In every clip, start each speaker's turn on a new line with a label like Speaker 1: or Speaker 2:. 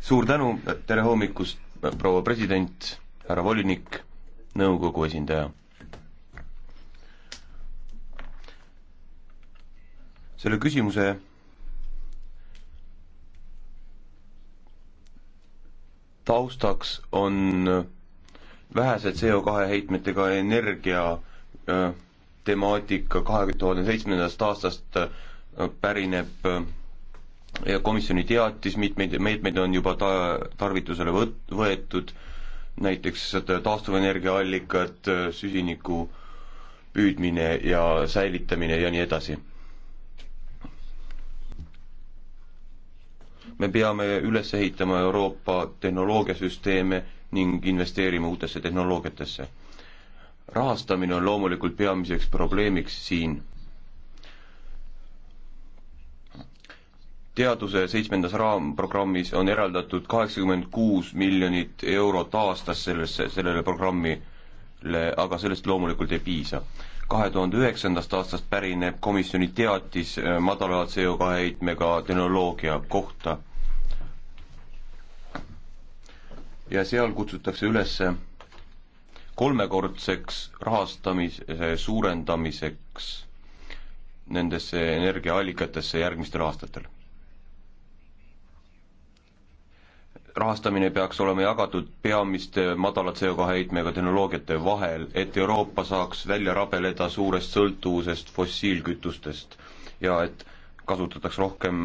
Speaker 1: suur tänu, tere hommikust, proua president, härra volinik, nõukogu esindaja. selle küsimuse taustaks on vähese CO2 heitmetega energia äh, temaatika kahe tuhande seitsmendast aastast äh, pärineb komisjoni teatis, mitmeid meetmeid on juba ta-, tarvitusele võt-, võetud, näiteks taastuvenergiaallikad, süsiniku püüdmine ja säilitamine ja nii edasi. me peame üles ehitama Euroopa tehnoloogiasüsteeme ning investeerima uutesse tehnoloogiatesse rahastamine on loomulikult peamiseks probleemiks siin. teaduse seitsmendas raamprogrammis on eraldatud kaheksakümmend kuus miljonit eurot aastas sellesse, sellele programmile, aga sellest loomulikult ei piisa. kahe tuhande üheksandast aastast pärineb komisjoni teatis äh, madala CO2 heitmega tehnoloogia kohta. ja seal kutsutakse üles kolmekordseks rahastamise äh, suurendamiseks nendesse energiaallikatesse järgmistel aastatel rahastamine peaks olema jagatud peamiste madala CO2 heitmega tehnoloogiate vahel, et Euroopa saaks välja rabeleda suurest sõltuvusest fossiilkütustest ja et kasutataks rohkem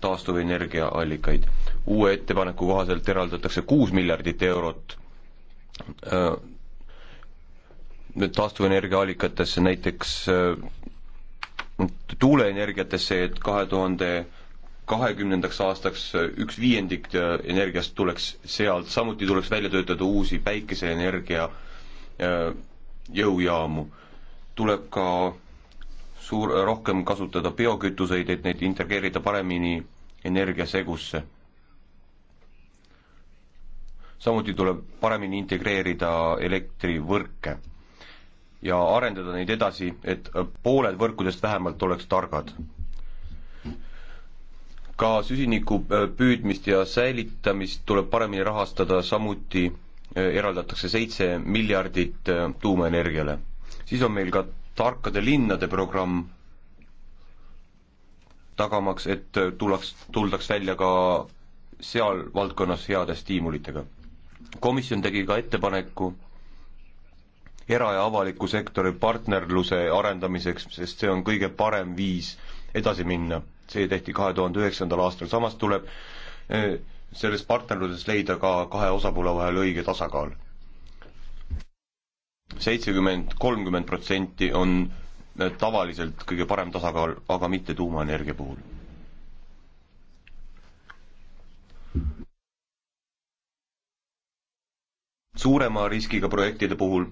Speaker 1: taastuvenergia allikaid. uue ettepaneku kohaselt eraldatakse kuus miljardit eurot taastuvenergia allikatesse, näiteks tuuleenergiatesse, et kahe tuhande kahekümnendaks aastaks üks viiendik energiast tuleks sealt, samuti tuleks välja töötada uusi päikeseenergia äh, jõujaamu. tuleb ka suur, rohkem kasutada biokütuseid, et neid integreerida paremini energiasegusse. samuti tuleb paremini integreerida elektrivõrke ja arendada neid edasi, et pooled võrkudest vähemalt oleks targad ka süsiniku äh, püüdmist ja säilitamist tuleb paremini rahastada, samuti äh, eraldatakse seitse miljardit äh, tuumaenergiale. siis on meil ka tarkade linnade programm, tagamaks, et tuleks, tuldaks välja ka seal valdkonnas heade stiimulitega. komisjon tegi ka ettepaneku era- ja avaliku sektori partnerluse arendamiseks, sest see on kõige parem viis edasi minna see tehti kahe tuhande üheksandal aastal, samas tuleb eh, selles partnerluses leida ka kahe osapoole vahel õige tasakaal. seitsekümmend, kolmkümmend protsenti on eh, tavaliselt kõige parem tasakaal, aga mitte tuumaenergia puhul. suurema riskiga projektide puhul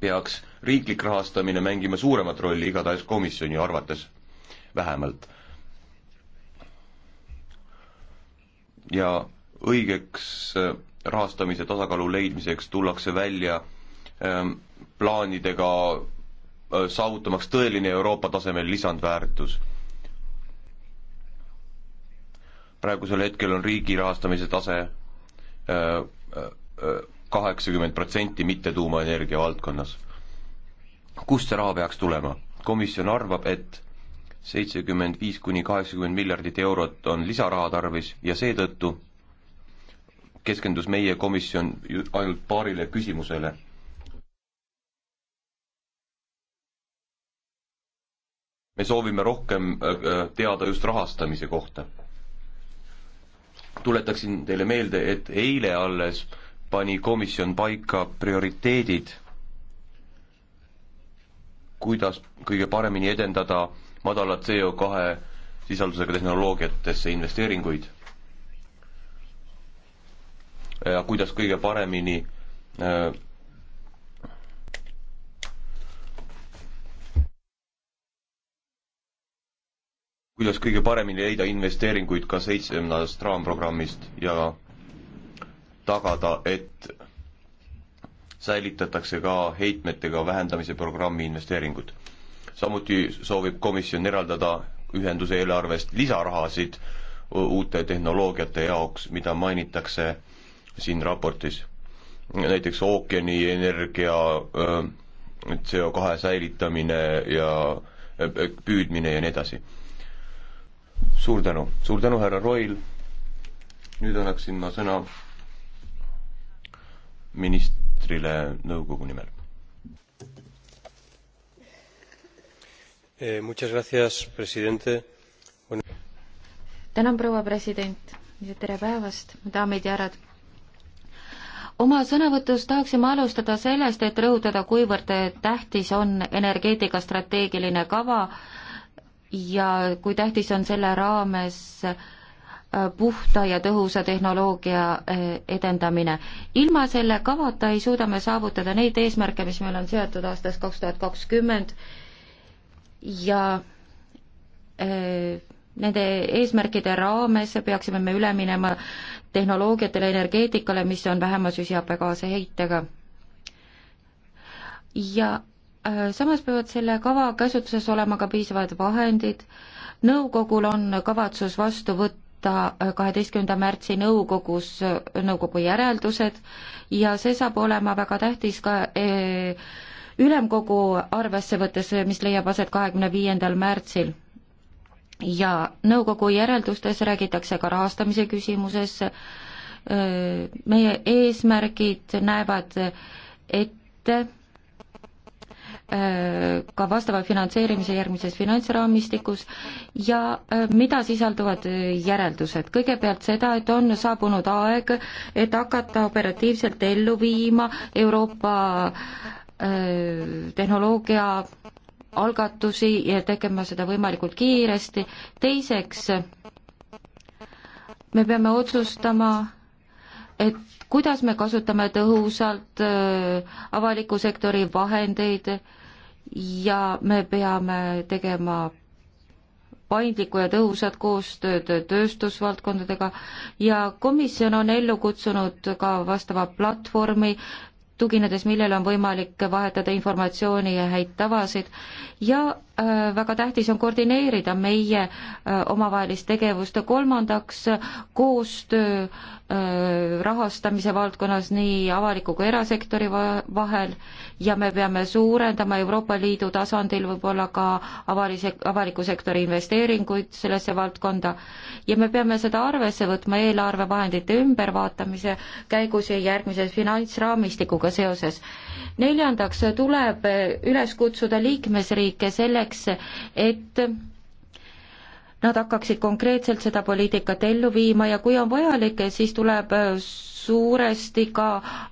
Speaker 1: peaks riiklik rahastamine mängima suuremat rolli igatahes komisjoni arvates vähemalt ja õigeks äh, rahastamise tasakaalu leidmiseks tullakse välja ähm, plaanidega äh, saavutamaks tõeline Euroopa tasemel lisandväärtus. praegusel hetkel on riigi rahastamise tase äh, kaheksakümmend protsenti mitte tuumaenergia valdkonnas. kust see raha peaks tulema? komisjon arvab, et seitsekümmend viis kuni kaheksakümmend miljardit eurot on lisaraha tarvis ja seetõttu keskendus meie komisjon ainult paarile küsimusele. me soovime rohkem äh, äh, teada just rahastamise kohta. tuletaksin teile meelde, et eile alles pani komisjon paika prioriteedid, kuidas kõige paremini edendada madala CO2 sisaldusega tehnoloogiatesse investeeringuid ja kuidas kõige paremini äh, kuidas kõige paremini leida investeeringuid ka seitsmendast raamprogrammist ja tagada, et säilitatakse ka heitmetega vähendamise programmi investeeringud samuti soovib komisjon eraldada ühenduse eelarvest lisarahasid uute tehnoloogiate jaoks, mida mainitakse siin raportis. näiteks ookeanienergia, CO kahe säilitamine ja püüdmine ja nii edasi. suur tänu, suur tänu, härra Roil. nüüd annaksin ma sõna ministrile nõukogu nimel. eh,. Bueno...
Speaker 2: tänan, proua president ja tere päevast, daamid ja härrad oma sõnavõtus tahaksime alustada sellest, et rõhutada, kuivõrd tähtis on energeetika strateegiline kava ja kui tähtis on selle raames äh, puhta ja tõhusa tehnoloogia äh, edendamine. ilma selle kavata ei suuda me saavutada neid eesmärke, mis meil on seatud aastast kaks tuhat kakskümmend ja äh, nende eesmärkide raames peaksime me üle minema tehnoloogiatele, energeetikale, mis on vähema süsihappegaase heitega. ja äh, samas peavad selle kava käsutuses olema ka piisavad vahendid, nõukogul on kavatsus vastu võtta äh, kaheteistkümnenda märtsi nõukogus äh, nõukogu järeldused ja see saab olema väga tähtis ka äh, e ülemkogu arvesse võttes, mis leiab aset kahekümne viiendal märtsil. ja nõukogu järeldustes räägitakse ka rahastamise küsimuses, meie eesmärgid näevad ette ka vastava finantseerimise järgmises finantsraamistikus ja mida sisalduvad järeldused. kõigepealt seda, et on saabunud aeg, et hakata operatiivselt ellu viima Euroopa Äh, tehnoloogia algatusi ja tegema seda võimalikult kiiresti. teiseks, me peame otsustama, et kuidas me kasutame tõhusalt äh, avaliku sektori vahendeid ja me peame tegema paindlikku ja tõhusat koostööd tööstusvaldkondadega ja komisjon on ellu kutsunud ka vastava platvormi tuginedes millele on võimalik vahetada informatsiooni ja häid tavasid ja Äh, väga tähtis on koordineerida meie äh, omavahelist tegevust ja kolmandaks koostöö äh, rahastamise valdkonnas nii avaliku kui erasektori vahel ja me peame suurendama Euroopa Liidu tasandil võib-olla ka avalise, avaliku sektori investeeringuid sellesse valdkonda ja me peame seda arvesse võtma eelarvevahendite ümbervaatamise käigus ja järgmises finantsraamistikuga seoses. neljandaks tuleb üles kutsuda liikmesriike selle selleks, et nad hakkaksid konkreetselt seda poliitikat ellu viima ja kui on vajalik, siis tuleb suuresti ka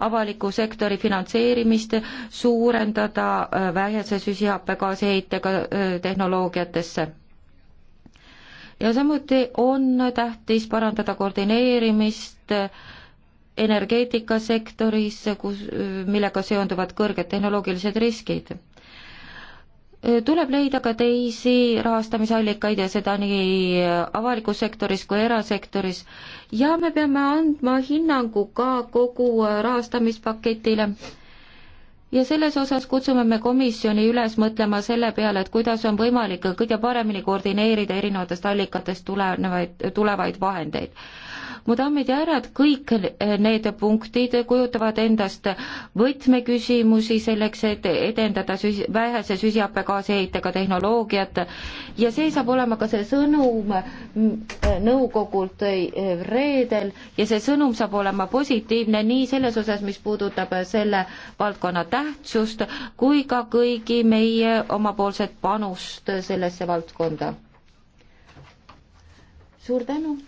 Speaker 2: avaliku sektori finantseerimist suurendada äh, vähese süsihappegaasi heitega äh, tehnoloogiatesse ja samuti on tähtis parandada koordineerimist äh, energeetikasektoris, kus, millega seonduvad kõrged tehnoloogilised riskid tuleb leida ka teisi rahastamisallikaid ja seda nii avalikus sektoris kui erasektoris ja me peame andma hinnangu ka kogu rahastamispaketile. ja selles osas kutsume me komisjoni üles mõtlema selle peale, et kuidas on võimalik kõige paremini koordineerida erinevatest allikatest tulenevaid, tulevaid vahendeid mu daamid ja härrad, kõik eh, need punktid kujutavad endast võtmeküsimusi selleks, et edendada süs-, vähese süsihappegaasi heitega tehnoloogiat ja see saab olema ka see sõnum mm, eh, nõukogult eh, reedel ja see sõnum saab olema positiivne nii selles osas, mis puudutab selle valdkonna tähtsust, kui ka kõigi meie omapoolset panust sellesse valdkonda. suur tänu!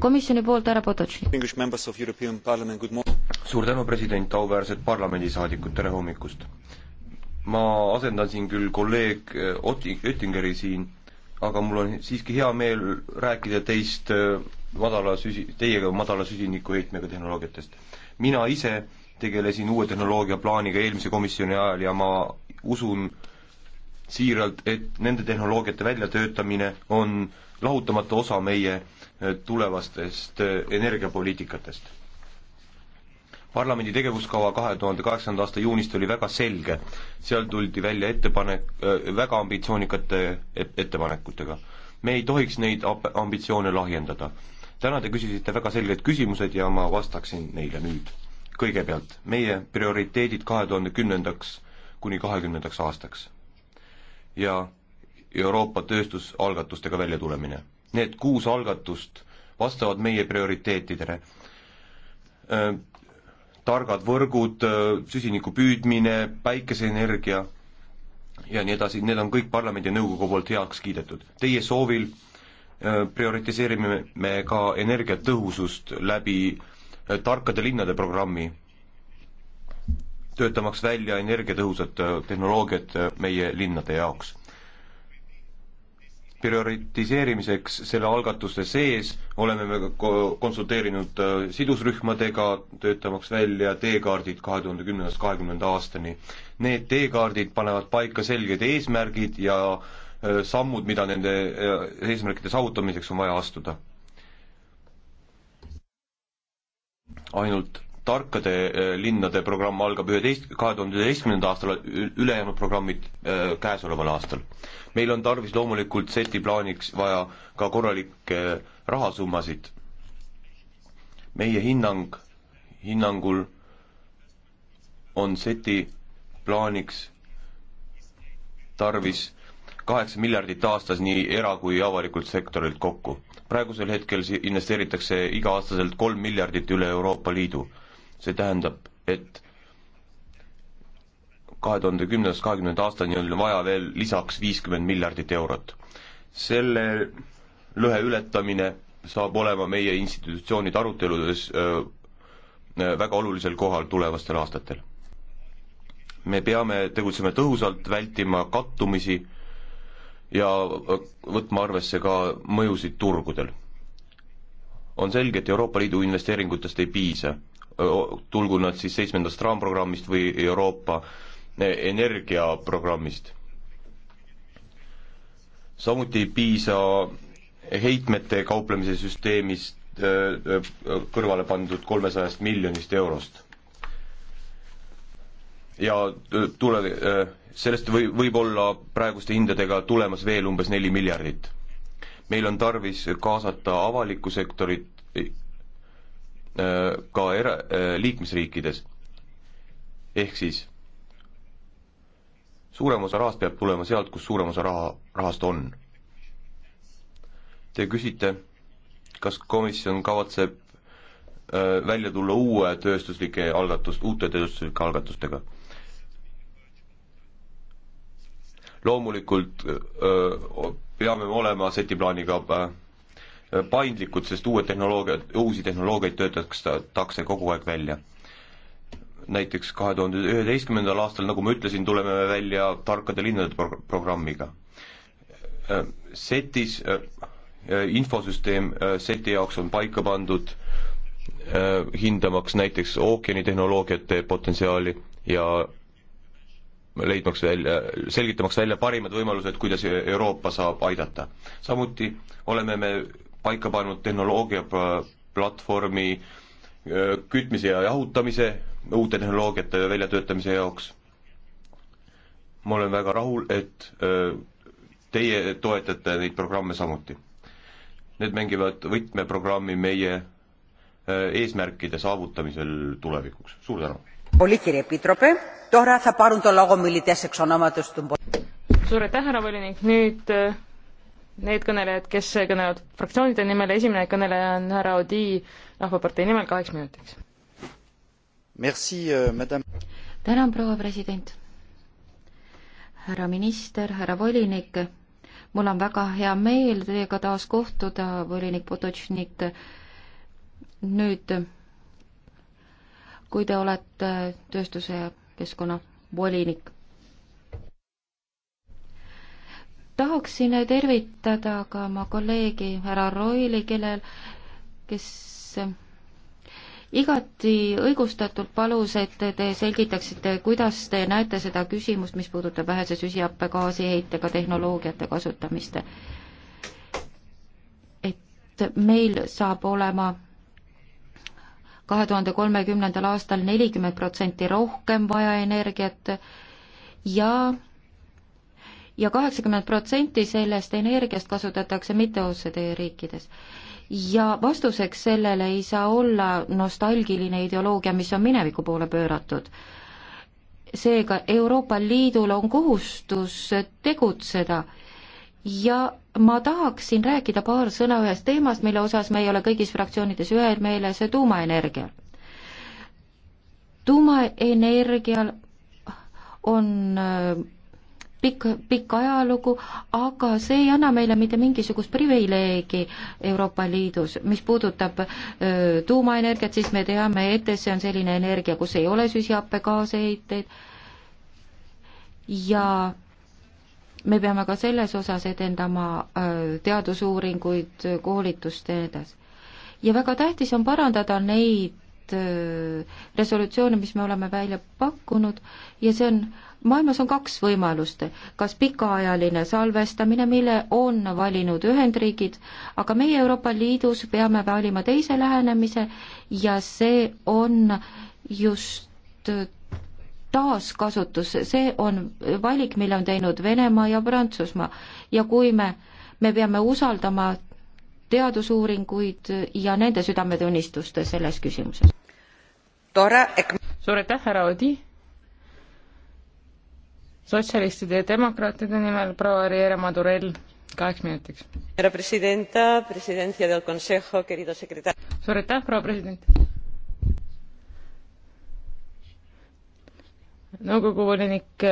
Speaker 2: komisjoni poolt härra Potočnik.
Speaker 1: suur tänu, president, auväärsed parlamendisaadikud, tere hommikust! ma asendan siin küll kolleeg eh, Oti-, Oettingeri siin, aga mul on siiski hea meel rääkida teist eh, madala süsi-, teiega madala süsinikuheitmega tehnoloogiatest. mina ise tegelesin uue tehnoloogia plaaniga eelmise komisjoni ajal ja ma usun, siiralt, et nende tehnoloogiate väljatöötamine on lahutamatu osa meie Eh, tulevastest eh, energiapoliitikatest. parlamendi tegevuskava kahe tuhande kaheksanda aasta juunist oli väga selge, seal tuldi välja ettepanek, eh, väga ambitsioonikate ettepanekutega. me ei tohiks neid ambitsioone lahjendada. täna te küsisite väga selged küsimused ja ma vastaksin neile nüüd. kõigepealt, meie prioriteedid kahe tuhande kümnendaks kuni kahekümnendaks aastaks ja Euroopa tööstusalgatustega välja tulemine need kuus algatust vastavad meie prioriteetidele. Äh, targad võrgud, äh, süsiniku püüdmine, päikeseenergia ja nii edasi, need on kõik parlamendi ja nõukogu poolt heaks kiidetud. Teie soovil äh, prioritiseerime me ka energiatõhusust läbi tarkade linnade programmi, töötamaks välja energiatõhusat tehnoloogiat meie linnade jaoks prioritiseerimiseks selle algatuste sees oleme me konsulteerinud äh, sidusrühmadega, töötamaks välja teekaardid kahe tuhande kümnendast kahekümnenda aastani. Need teekaardid panevad paika selged eesmärgid ja äh, sammud, mida nende äh, eesmärkide saavutamiseks on vaja astuda. ainult tarkade linnade programm algab üheteist, kahe tuhande üheteistkümnendal aastal, ülejäänud programmid käesoleval aastal meil on tarvis loomulikult seti plaaniks vaja ka korralikke rahasummasid. meie hinnang, hinnangul on seti plaaniks tarvis kaheksa miljardit aastas nii era- kui avalikult sektorilt kokku. praegusel hetkel investeeritakse iga-aastaselt kolm miljardit üle Euroopa Liidu. see tähendab, et kahe tuhande kümnendast kahekümnenda aastani on vaja veel lisaks viiskümmend miljardit eurot. selle lõhe ületamine saab olema meie institutsioonide aruteludes öö, väga olulisel kohal tulevastel aastatel. me peame tegutsema tõhusalt, vältima kattumisi ja võtma arvesse ka mõjusid turgudel. on selge, et Euroopa Liidu investeeringutest ei piisa, tulgu nad siis seitsmendast raamprogrammist või Euroopa öö, Eh, energiaprogrammist. samuti ei piisa heitmete kauplemise süsteemist eh, eh, kõrvale pandud kolmesajast miljonist eurost. ja tule, sellest või, võib olla praeguste hindadega tulemas veel umbes neli miljardit. meil on tarvis kaasata avalikku sektorit ka era-, liikmesriikides, ehk siis suurem osa rahast peab tulema sealt, kus suurem osa raha, rahast on. Te küsite, kas komisjon kavatseb öö, välja tulla uue tööstuslike algatust, uute tööstuslike algatustega? loomulikult öö, peame me olema seti plaaniga öö, paindlikud, sest uued tehnoloogiad, uusi tehnoloogiaid töötatakse kogu aeg välja näiteks kahe tuhande üheteistkümnendal aastal, nagu ma ütlesin, tuleme me välja tarkade linnade pro-, programmiga. Setis infosüsteem seti jaoks on paika pandud, hindamaks näiteks ookeanitehnoloogiate potentsiaali ja leidmaks välja, selgitamaks välja parimad võimalused, kuidas Euroopa saab aidata. samuti oleme me paika pannud tehnoloogia platvormi kütmise ja jahutamise uute tehnoloogiate väljatöötamise jaoks. ma olen väga rahul, et teie toetate neid programme samuti. Need mängivad võtmeprogrammi meie eesmärkide saavutamisel tulevikuks, suur tänu!
Speaker 2: suur aitäh, härra
Speaker 3: volinik, nüüd need kõnelejad, kes kõnelevad fraktsioonide nimel, esimene kõneleja on härra
Speaker 2: Odi Rahvapartei nimel kaheks minutiks Euh, tänan, proua president. härra minister, härra volinik, mul on väga hea meel teiega taas kohtuda, volinik Potočnik. nüüd, kui te olete tööstuse ja keskkonna volinik tahaksin tervitada ka oma kolleegi härra Roili, kellel, kes igati õigustatult palus, et te selgitaksite, kuidas te näete seda küsimust, mis puudutab vähese süsihappegaasi heitega tehnoloogiate kasutamist. et meil saab olema kahe tuhande kolmekümnendal aastal nelikümmend protsenti rohkem vaja energiat ja ja kaheksakümmend protsenti sellest energiast kasutatakse mitte OCD riikides ja vastuseks sellele ei saa olla nostalgiline ideoloogia, mis on mineviku poole pööratud. seega Euroopa Liidul on kohustus tegutseda ja ma tahaksin rääkida paar sõna ühest teemast, mille osas me ei ole kõigis fraktsioonides ühel meelel, see tuumaenergia. tuumaenergial on äh, pikk, pikk ajalugu, aga see ei anna meile mitte mingisugust privileegi Euroopa Liidus. mis puudutab öö, tuumaenergiat, siis me teame, et see on selline energia, kus ei ole süsihappegaaseheiteid ja me peame ka selles osas edendama öö, teadusuuringuid, koolitust ja nii edasi. ja väga tähtis on parandada neid resolutsioone, mis me oleme välja pakkunud ja see on maailmas on kaks võimalust, kas pikaajaline salvestamine, mille on valinud Ühendriigid, aga meie Euroopa Liidus peame valima teise lähenemise ja see on just taaskasutus, see on valik, mille on teinud Venemaa ja Prantsusmaa ja kui me, me peame usaldama teadusuuringuid ja nende südametunnistuste selles küsimuses.
Speaker 3: suur aitäh, härra Odi! sotsialistide ja demokraatide nimel proua Riera Madurell, kaheks minutiks. suur aitäh, proua president. nõukogu volinik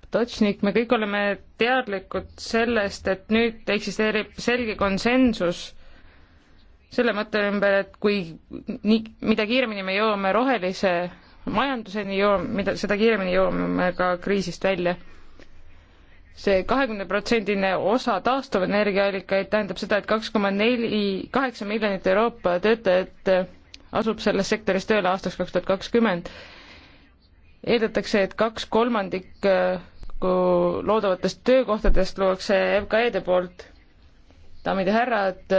Speaker 3: Potočnik, äh, me kõik oleme teadlikud sellest, et nüüd eksisteerib selge konsensus selle mõtte ümber, et kui nii, mida kiiremini me jõuame rohelise majanduseni jõuame, mida, seda kiiremini jõuame ka kriisist välja see kahekümne protsendine osa taastuvenergiaallikaid tähendab seda, et kaks koma neli, kaheksa miljonit Euroopa töötajat asub selles sektoris tööle aastaks kaks tuhat kakskümmend. eeldatakse, et kaks kolmandikku loodavatest töökohtadest luuakse FKE-de poolt. daamid ja härrad,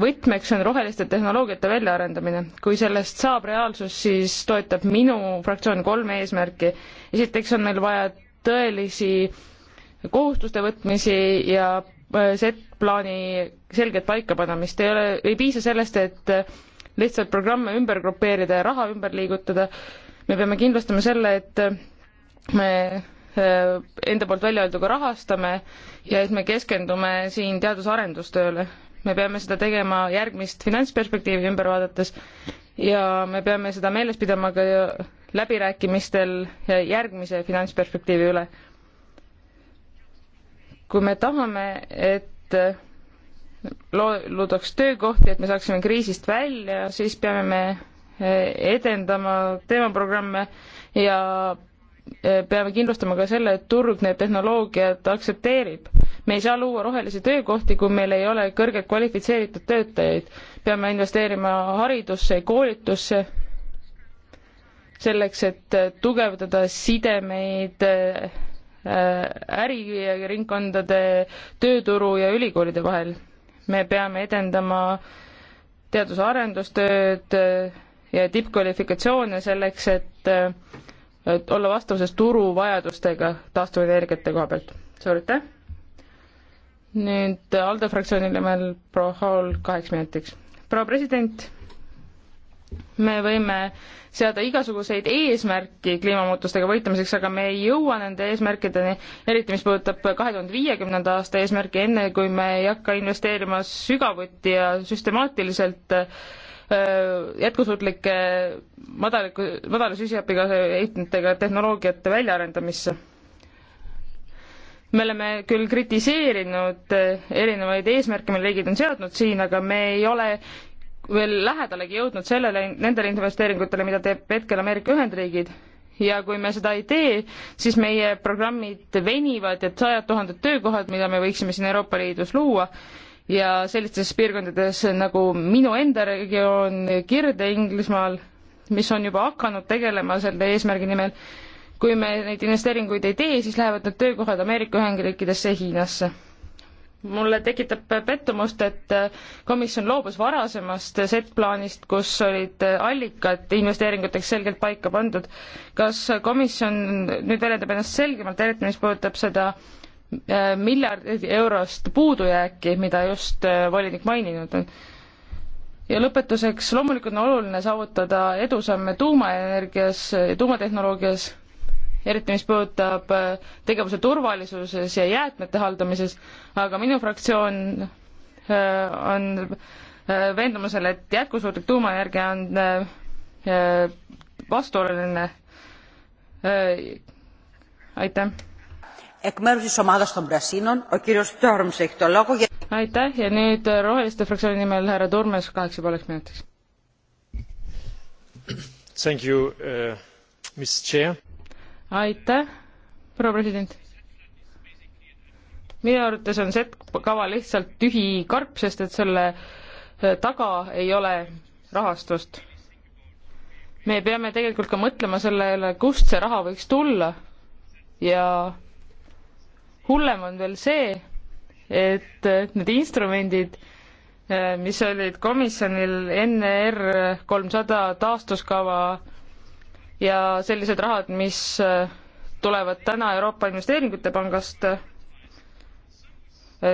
Speaker 3: võtmeks on roheliste tehnoloogiate väljaarendamine. kui sellest saab reaalsus, siis toetab minu fraktsioon kolme eesmärki. esiteks on meil vaja tõelisi kohustuste võtmisi ja äh, Z-plaani selget paikapanemist, ei ole, ei piisa sellest, et äh, lihtsalt programme ümber grupeerida ja raha ümber liigutada, me peame kindlustama selle, et äh, me enda poolt välja öelduga rahastame ja et me keskendume siin teadus-arendustööle me peame seda tegema järgmist finantsperspektiivi ümber vaadates ja me peame seda meeles pidama ka läbirääkimistel järgmise finantsperspektiivi üle. kui me tahame, et loodaks töökohti, et me saaksime kriisist välja, siis peame me eh, edendama teemaprogramme ja eh, peame kindlustama ka selle, et turg need tehnoloogiad aktsepteerib me ei saa luua rohelisi töökohti, kui meil ei ole kõrgelt kvalifitseeritud töötajaid. peame investeerima haridusse, koolitusse, selleks, et tugevdada sidemeid äh, äriringkondade, tööturu ja ülikoolide vahel. me peame edendama teadus-arendustööd äh, ja tippkvalifikatsioone selleks, äh, et olla vastavuses turu vajadustega taastuvenergiate koha pealt. suur aitäh! nüüd ALDE fraktsiooni nimel proua Hall kaheks minutiks. proua president, me võime seada igasuguseid eesmärki kliimamuutustega võitlemiseks, aga me ei jõua nende eesmärkideni, eriti mis puudutab kahe tuhande viiekümnenda aasta eesmärki, enne kui me ei hakka investeerima sügavuti ja süstemaatiliselt jätkusuutlike madaliku, madala süsihappegaasi heitmetega tehnoloogiate väljaarendamisse me oleme küll kritiseerinud eh, erinevaid eesmärke, mille riigid on seadnud siin, aga me ei ole veel lähedalegi jõudnud sellele, nendele investeeringutele, mida teeb hetkel Ameerika Ühendriigid. ja kui me seda ei tee, siis meie programmid venivad ja sajad tuhanded töökohad, mida me võiksime siin Euroopa Liidus luua, ja sellistes piirkondades nagu minu enda regioon Kirde-Inglismaal, mis on juba hakanud tegelema selle eesmärgi nimel, kui me neid investeeringuid ei tee, siis lähevad need töökohad Ameerika Ühendriikidesse ja Hiinasse. mulle tekitab pettumust, et komisjon loobus varasemast Z-plaanist, kus olid allikad investeeringuteks selgelt paika pandud. kas komisjon nüüd väljendab ennast selgemalt, eriti mis puudutab seda äh, miljardi eurost puudujääki, mida just äh, volinik maininud on? ja lõpetuseks, loomulikult on oluline saavutada edusamme tuumaenergias, tuumatehnoloogias, eriti mis puudutab äh, tegevuse turvalisuses ja jäätmete haldamises, aga minu fraktsioon äh, on äh, veendumusel, et jätkusuutlik tuumaenergia on vastuoluline. aitäh. aitäh ja nüüd Roheliste fraktsiooni nimel härra Turmes kaheksa pooleks minutiks. Thank you uh,, Miss Chair aitäh, proua president. minu arvates on see kava lihtsalt tühi karp, sest et selle eh, taga ei ole rahastust. me peame tegelikult ka mõtlema sellele, kust see raha võiks tulla ja hullem on veel see, et eh, need instrumendid, eh, mis olid komisjonil NR kolmsada taastuskava ja sellised rahad, mis äh, tulevad täna Euroopa Investeeringute Pangast, äh,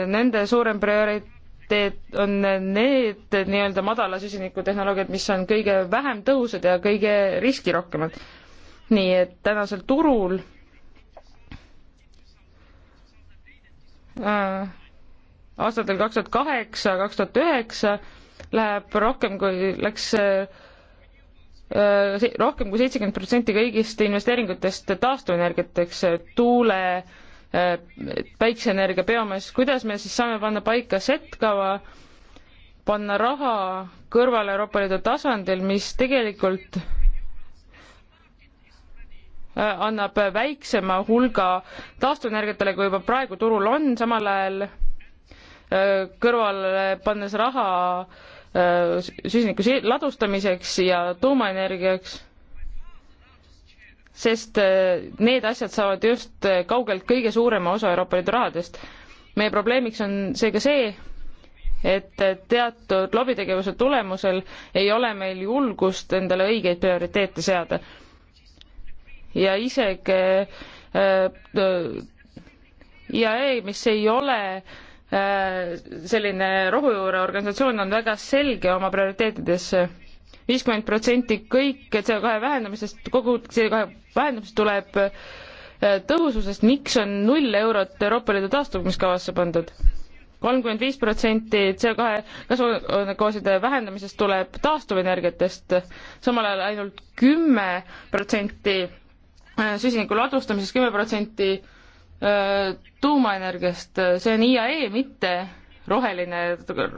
Speaker 3: nende suurem prioriteet on need nii-öelda madala süsinikutehnoloogiad, mis on kõige vähem tõhusad ja kõige riskirohkemad. nii et tänasel turul äh, aastatel kaks tuhat kaheksa, kaks tuhat üheksa läheb rohkem kui läks äh, Äh, rohkem kui seitsekümmend protsenti kõigist investeeringutest taastuvenergiateks, äh, tuule, äh, päikseenergia, biomass, kuidas me siis saame panna paika setkava, panna raha kõrvale Euroopa Liidu tasandil, mis tegelikult annab väiksema hulga taastuvenergiatele, kui juba praegu turul on, samal ajal kõrvale pannes raha Äh, süsiniku ladustamiseks ja tuumaenergiaks, sest äh, need asjad saavad just äh, kaugelt kõige suurema osa Euroopa Liidu rahadest. meie probleemiks on seega see, et teatud lobitegevuse tulemusel ei ole meil julgust endale õigeid prioriteete seada. ja isegi äh, äh, IAE, mis ei ole äh, Äh, selline rohujuure organisatsioon on väga selge oma prioriteetides. viiskümmend protsenti kõik CO2 vähendamisest, kogu CO2 vähendamist tuleb äh, tõhususest, miks on null eurot Euroopa Liidu taastumiskavasse pandud? kolmkümmend viis protsenti CO2 kasvuhoonegaaside vähendamisest tuleb taastuvenergiatest, samal ajal ainult kümme protsenti äh, süsiniku ladustamisest, kümme protsenti Äh, tuumaenergiast, äh, see on IAE, mitte roheline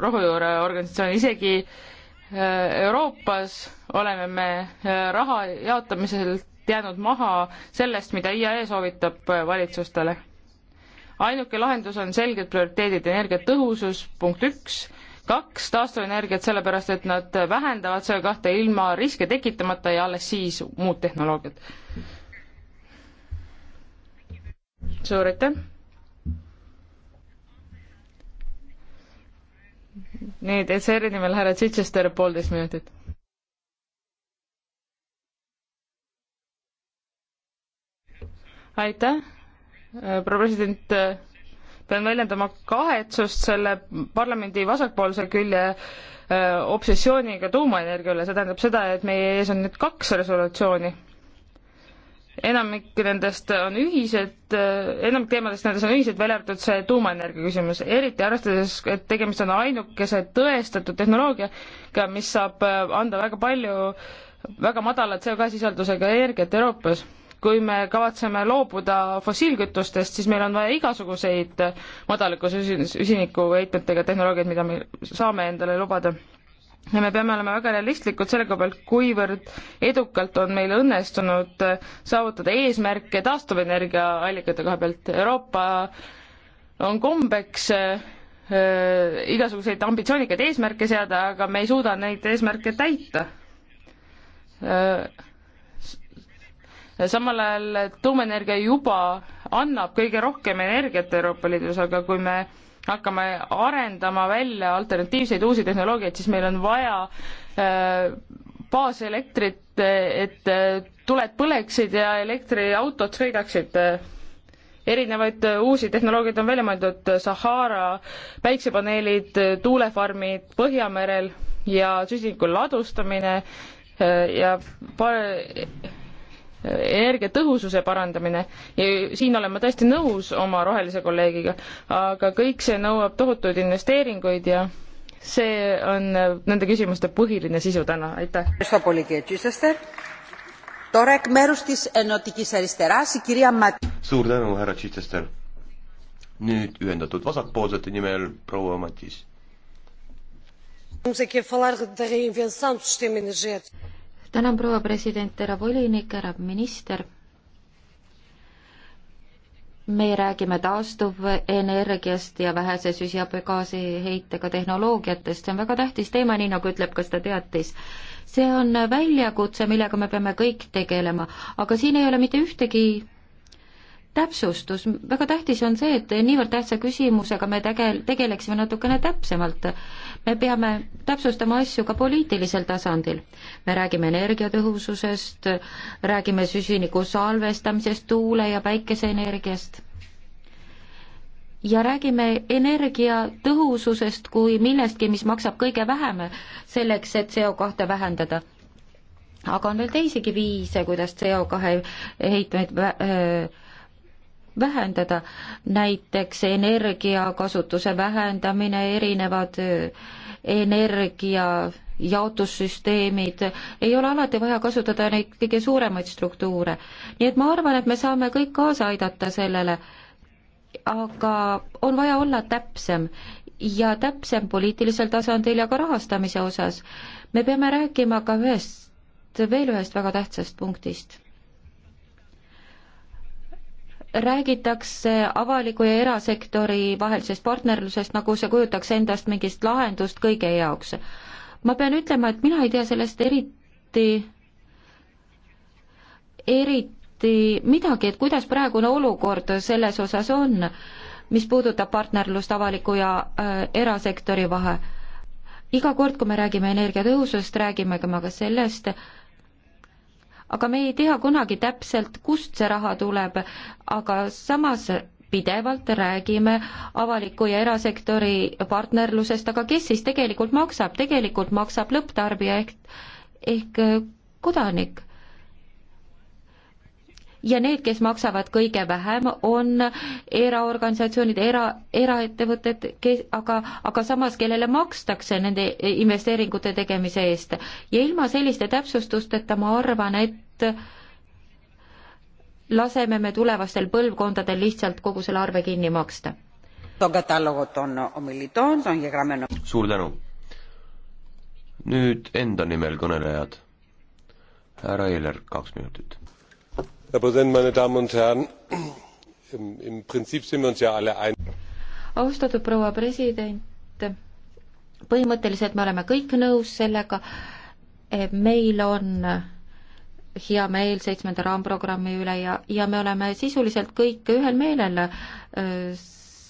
Speaker 3: rohujuure organisatsioon, isegi äh, Euroopas oleme me raha jaotamiselt jäänud maha sellest, mida IAE soovitab valitsustele. ainuke lahendus on selged prioriteedid, energiatõhusus, punkt üks, kaks taastuvenergiat, sellepärast et nad vähendavad CO2 ilma riske tekitamata ja alles siis muud tehnoloogiad suur aitäh! nii, DSR-i nimel härra Chichester, poolteist minutit. aitäh, proua president, pean väljendama kahetsust selle parlamendi vasakpoolse külje äh, obsessiooniga tuumaenergia üle, see tähendab seda, et meie ees on nüüd kaks resolutsiooni enamik nendest on ühised, enamik teemadest nendes on ühised, välja arvatud see tuumaenergia küsimus, eriti arvestades, et tegemist on ainukese tõestatud tehnoloogiaga, mis saab äh, anda väga palju väga madala CO2 sisaldusega energiat Euroopas. kui me kavatseme loobuda fossiilkütustest, siis meil on vaja igasuguseid madalikus üsiniku heitmetega tehnoloogiaid, mida me saame endale lubada ja me peame olema väga realistlikud selle koha pealt, kuivõrd edukalt on meil õnnestunud äh, saavutada eesmärke taastuvenergiaallikate koha pealt. Euroopa on kombeks äh, äh, igasuguseid ambitsioonikaid eesmärke seada, aga me ei suuda neid eesmärke täita äh,. samal ajal tuumaenergia juba annab kõige rohkem energiat Euroopa Liidus, aga kui me äh, hakkame arendama välja alternatiivseid uusi tehnoloogiaid, siis meil on vaja äh, baaselektrit, et äh, tuled põleksid ja elektriautod sõidaksid äh, erinevaid uusi tehnoloogiaid on välja mõeldud, Sahara päiksepaneelid, tuulefarmid Põhjamerel ja süsiniku ladustamine äh, ja energiatõhususe parandamine ja siin olen ma tõesti nõus oma rohelise kolleegiga, aga kõik see nõuab tohutuid investeeringuid ja see on nende küsimuste põhiline sisu täna, aitäh.
Speaker 1: suur tänu, härra Chichester. nüüd ühendatud vasakpoolsete nimel proua Matis
Speaker 2: tänan, proua president, härra volinik, härra minister. me räägime taastuvenergiast ja vähese süsihappegaasi heitega tehnoloogiatest, see on väga tähtis teema, nii nagu ütleb ka seda teatis see on väljakutse, millega me peame kõik tegelema, aga siin ei ole mitte ühtegi täpsustus, väga tähtis on see, et niivõrd tähtsa küsimusega me tege-, tegeleksime natukene täpsemalt me peame täpsustama asju ka poliitilisel tasandil. me räägime energiatõhususest, räägime süsiniku salvestamisest, tuule- ja päikeseenergiast ja räägime energiatõhususest kui millestki, mis maksab kõige vähem selleks, et CO2 vähendada. aga on veel teisigi viise, kuidas CO2 heitmeid vä-, äh, vähendada, näiteks energiakasutuse vähendamine, erinevad energia jaotussüsteemid, ei ole alati vaja kasutada neid kõige suuremaid struktuure. nii et ma arvan, et me saame kõik kaasa aidata sellele, aga on vaja olla täpsem ja täpsem poliitilisel tasandil ja ka rahastamise osas. me peame rääkima ka ühest, veel ühest väga tähtsast punktist räägitakse avaliku ja erasektori vahelisest partnerlusest, nagu see kujutaks endast mingist lahendust kõige jaoks. ma pean ütlema, et mina ei tea sellest eriti, eriti midagi, et kuidas praegune olukord selles osas on, mis puudutab partnerlust avaliku ja äh, erasektori vahe. iga kord, kui me räägime energiatõhusust, räägime ka sellest, aga me ei tea kunagi täpselt, kust see raha tuleb, aga samas pidevalt räägime avaliku ja erasektori partnerlusest, aga kes siis tegelikult maksab, tegelikult maksab lõpptarbija ehk, ehk kodanik ja need, kes maksavad kõige vähem, on eraorganisatsioonid, era, eraettevõtted, kes, aga, aga samas, kellele makstakse nende investeeringute tegemise eest. ja ilma selliste täpsustusteta ma arvan, et laseme me tulevastel põlvkondadel lihtsalt kogu selle arve kinni maksta.
Speaker 1: suur tänu. nüüd enda nimel kõnelejad. härra Eiler, kaks minutit herr präsident meine damen und herren! im prinzip sind wir uns ja alle einig.
Speaker 2: austatud proua president põhimõtteliselt me oleme kõik nõus sellega meil on hea meel seitsmenda raamprogrammi üle ja, ja me oleme sisuliselt kõik ühel meelel öö, äh,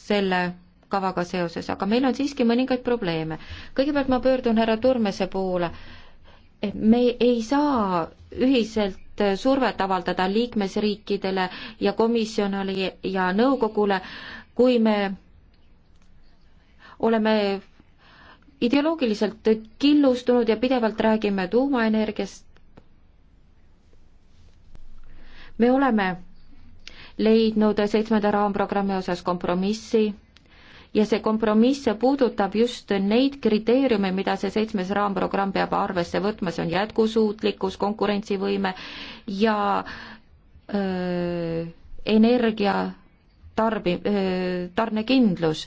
Speaker 2: selle kavaga seoses, aga meil on siiski mõningaid probleeme. kõigepealt ma pöördun härra Turmese poole me ei saa ühiselt survet avaldada liikmesriikidele ja komisjonale ja nõukogule, kui me oleme ideoloogiliselt killustunud ja pidevalt räägime tuumaenergiast. me oleme leidnud seitsmenda raamprogrammi osas kompromissi ja see kompromiss puudutab just neid kriteeriume, mida see seitsmes raamprogramm peab arvesse võtma, see on jätkusuutlikkus, konkurentsivõime ja öö, energia tarbi-, tarnekindlus.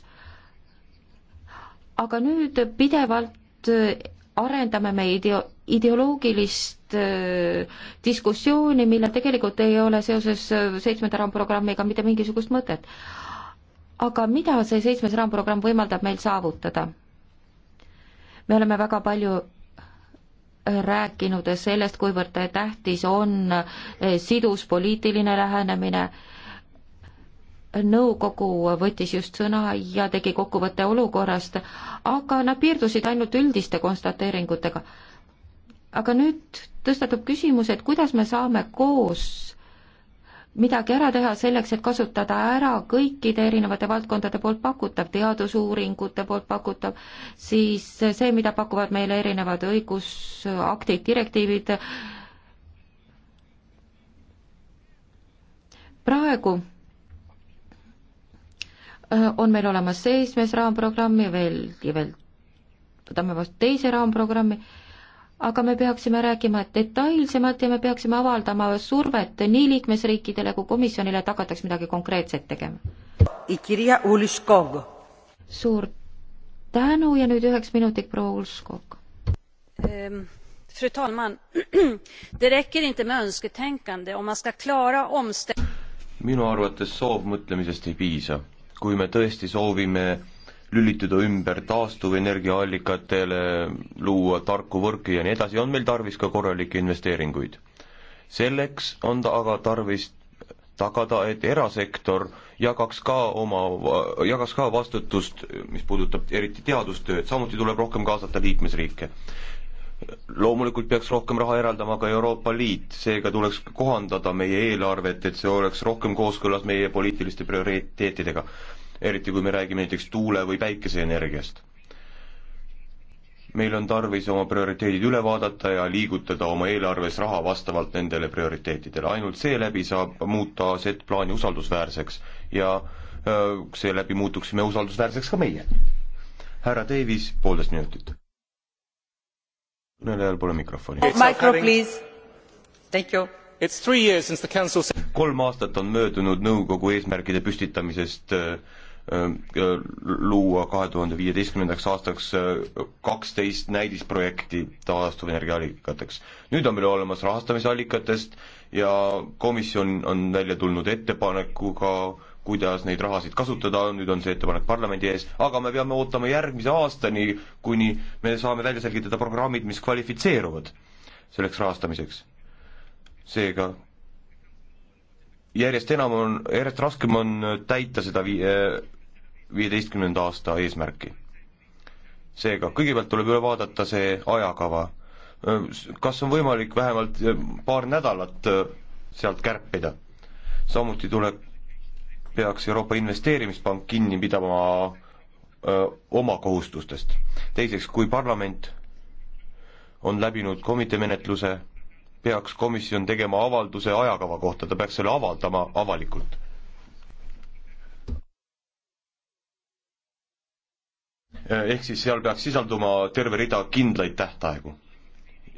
Speaker 2: aga nüüd pidevalt arendame me ideo-, ideoloogilist diskussiooni, millel tegelikult ei ole seoses seitsmenda raamprogrammiga mitte mingisugust mõtet aga mida see seitsmes raamprogramm võimaldab meil saavutada? me oleme väga palju äh, rääkinud sellest, kuivõrd tähtis on äh, sidus poliitiline lähenemine. nõukogu võttis just sõna ja tegi kokkuvõtte olukorrast, aga nad piirdusid ainult üldiste konstateeringutega. aga nüüd tõstatub küsimus, et kuidas me saame koos midagi ära teha selleks, et kasutada ära kõikide erinevate valdkondade poolt pakutav, teadusuuringute poolt pakutav, siis see, mida pakuvad meile erinevad õigusaktid, direktiivid, praegu äh, on meil olemas seitsmes raamprogramm ja veel, ja veel võtame vastu teise raamprogrammi aga me peaksime rääkima detailsemalt ja me peaksime avaldama survet nii liikmesriikidele kui komisjonile, et hakataks midagi konkreetset tegema. suur tänu ja nüüd üheks minutiks proua Ulskog ehm,. Fru talman, det räcker inte med önsketänkande om man ska klara omställ-.
Speaker 1: minu arvates soovmõtlemisest ei piisa. kui me tõesti soovime lülitada ümber taastuvenergiaallikatele, luua tarku võrke ja nii edasi, on meil tarvis ka korralikke investeeringuid. selleks on ta aga tarvis tagada, et erasektor jagaks ka oma, jagas ka vastutust, mis puudutab eriti teadustööd, samuti tuleb rohkem kaasata liikmesriike. loomulikult peaks rohkem raha eraldama ka Euroopa Liit, seega tuleks kohandada meie eelarvet, et see oleks rohkem kooskõlas meie poliitiliste prioriteetidega eriti kui me räägime näiteks tuule- või päikeseenergiast. meil on tarvis oma prioriteedid üle vaadata ja liigutada oma eelarves raha vastavalt nendele prioriteetidele, ainult seeläbi saab muuta Z-plaani usaldusväärseks ja seeläbi muutuksime usaldusväärseks ka meie. härra Davis, poolteist minutit. kõnelejal pole mikrofoni. Oh,
Speaker 2: micro please, thank you
Speaker 1: kolm aastat on möödunud nõukogu eesmärkide püstitamisest Äh, luua kahe tuhande viieteistkümnendaks aastaks äh, kaksteist näidisprojekti taastuvenergiaallikateks. nüüd on meil olemas rahastamisallikatest ja komisjon on välja tulnud ettepanekuga, kuidas neid rahasid kasutada, nüüd on see ettepanek parlamendi ees, aga me peame ootama järgmise aastani, kuni me saame välja selgitada programmid, mis kvalifitseeruvad selleks rahastamiseks. seega järjest enam on, järjest raskem on täita seda vi-, viieteistkümnenda aasta eesmärki. seega, kõigepealt tuleb üle vaadata see ajakava. kas on võimalik vähemalt paar nädalat sealt kärpida? samuti tuleb, peaks Euroopa Investeerimispank kinni pidama öö, oma kohustustest. teiseks, kui parlament on läbinud komitee menetluse, peaks komisjon tegema avalduse ajakava kohta, ta peaks selle avaldama avalikult ehk siis seal peaks sisalduma terve rida kindlaid tähtaegu.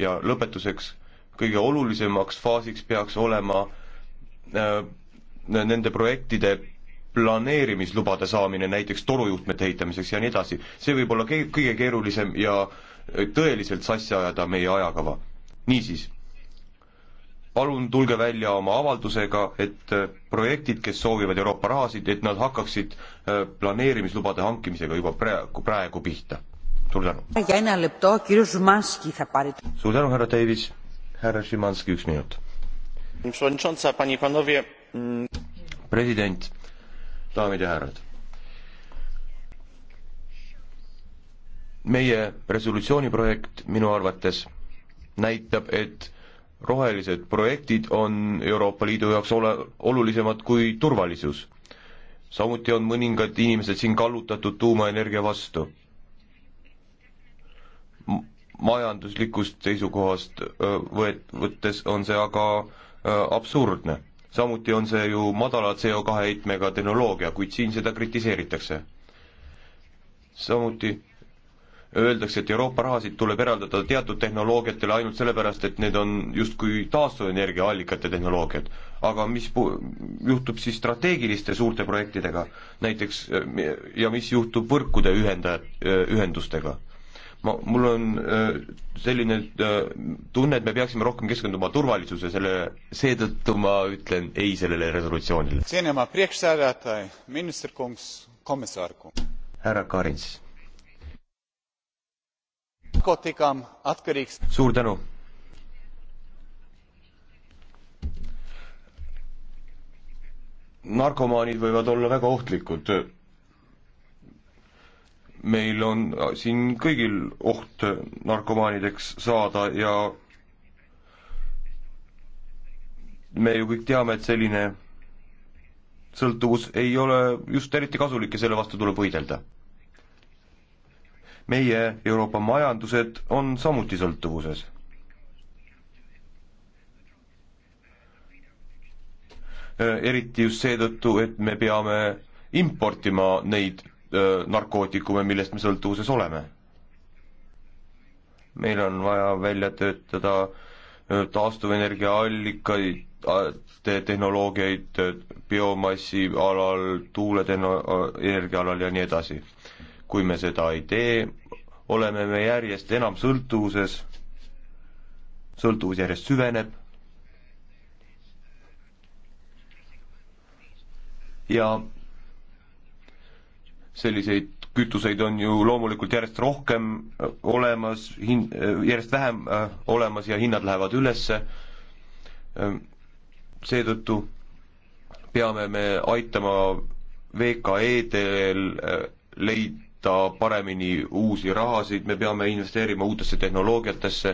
Speaker 1: ja lõpetuseks, kõige olulisemaks faasiks peaks olema äh, nende projektide planeerimislubade saamine näiteks torujuhtmete ehitamiseks ja nii edasi. see võib olla kõige keerulisem ja tõeliselt sassi ajada meie ajakava. niisiis palun tulge välja oma avaldusega, et äh, projektid, kes soovivad Euroopa rahasid, et nad hakkaksid äh, planeerimislubade hankimisega juba praegu, praegu pihta. suur tänu. suur tänu, härra Davis. härra Šimanski, üks minut. Mm. president, daamid ja härrad. meie resolutsiooni projekt minu arvates näitab, et rohelised projektid on Euroopa Liidu jaoks ole, olulisemad kui turvalisus. samuti on mõningad inimesed siin kallutatud tuumaenergia vastu. majanduslikust seisukohast võet-, võttes on see aga absurdne. samuti on see ju madala CO2 heitmega tehnoloogia, kuid siin seda kritiseeritakse. samuti öeldakse, et Euroopa rahasid tuleb eraldada teatud tehnoloogiatele ainult sellepärast, et need on justkui taastuvenergiaallikate tehnoloogiad. aga mis pu-, juhtub siis strateegiliste suurte projektidega, näiteks ja mis juhtub võrkude ühenda-, ühendustega? ma, mul on äh, selline äh, tunne, et me peaksime rohkem keskenduma turvalisuse, selle, seetõttu ma ütlen ei sellele resolutsioonile. härra Karins narkotikam atkarīgs. suur tänu. narkomaanid võivad olla väga ohtlikud. meil on siin kõigil oht narkomaanideks saada ja me ju kõik teame, et selline sõltuvus ei ole just eriti kasulik ja selle vastu tuleb võidelda meie Euroopa majandused on samuti sõltuvuses. eriti just seetõttu, et me peame importima neid narkootikume, millest me sõltuvuses oleme. meil on vaja välja töötada taastuvenergia allikaid, tehnoloogiaid biomassi alal, tuuletenergia alal ja nii edasi kui me seda ei tee, oleme me järjest enam sõltuvuses, sõltuvus järjest süveneb ja selliseid kütuseid on ju loomulikult järjest rohkem äh, olemas, hin-, äh, järjest vähem äh, olemas ja hinnad lähevad ülesse, seetõttu peame me aitama VKE-del leid-, võtta paremini uusi rahasid, me peame investeerima uutesse tehnoloogiatesse,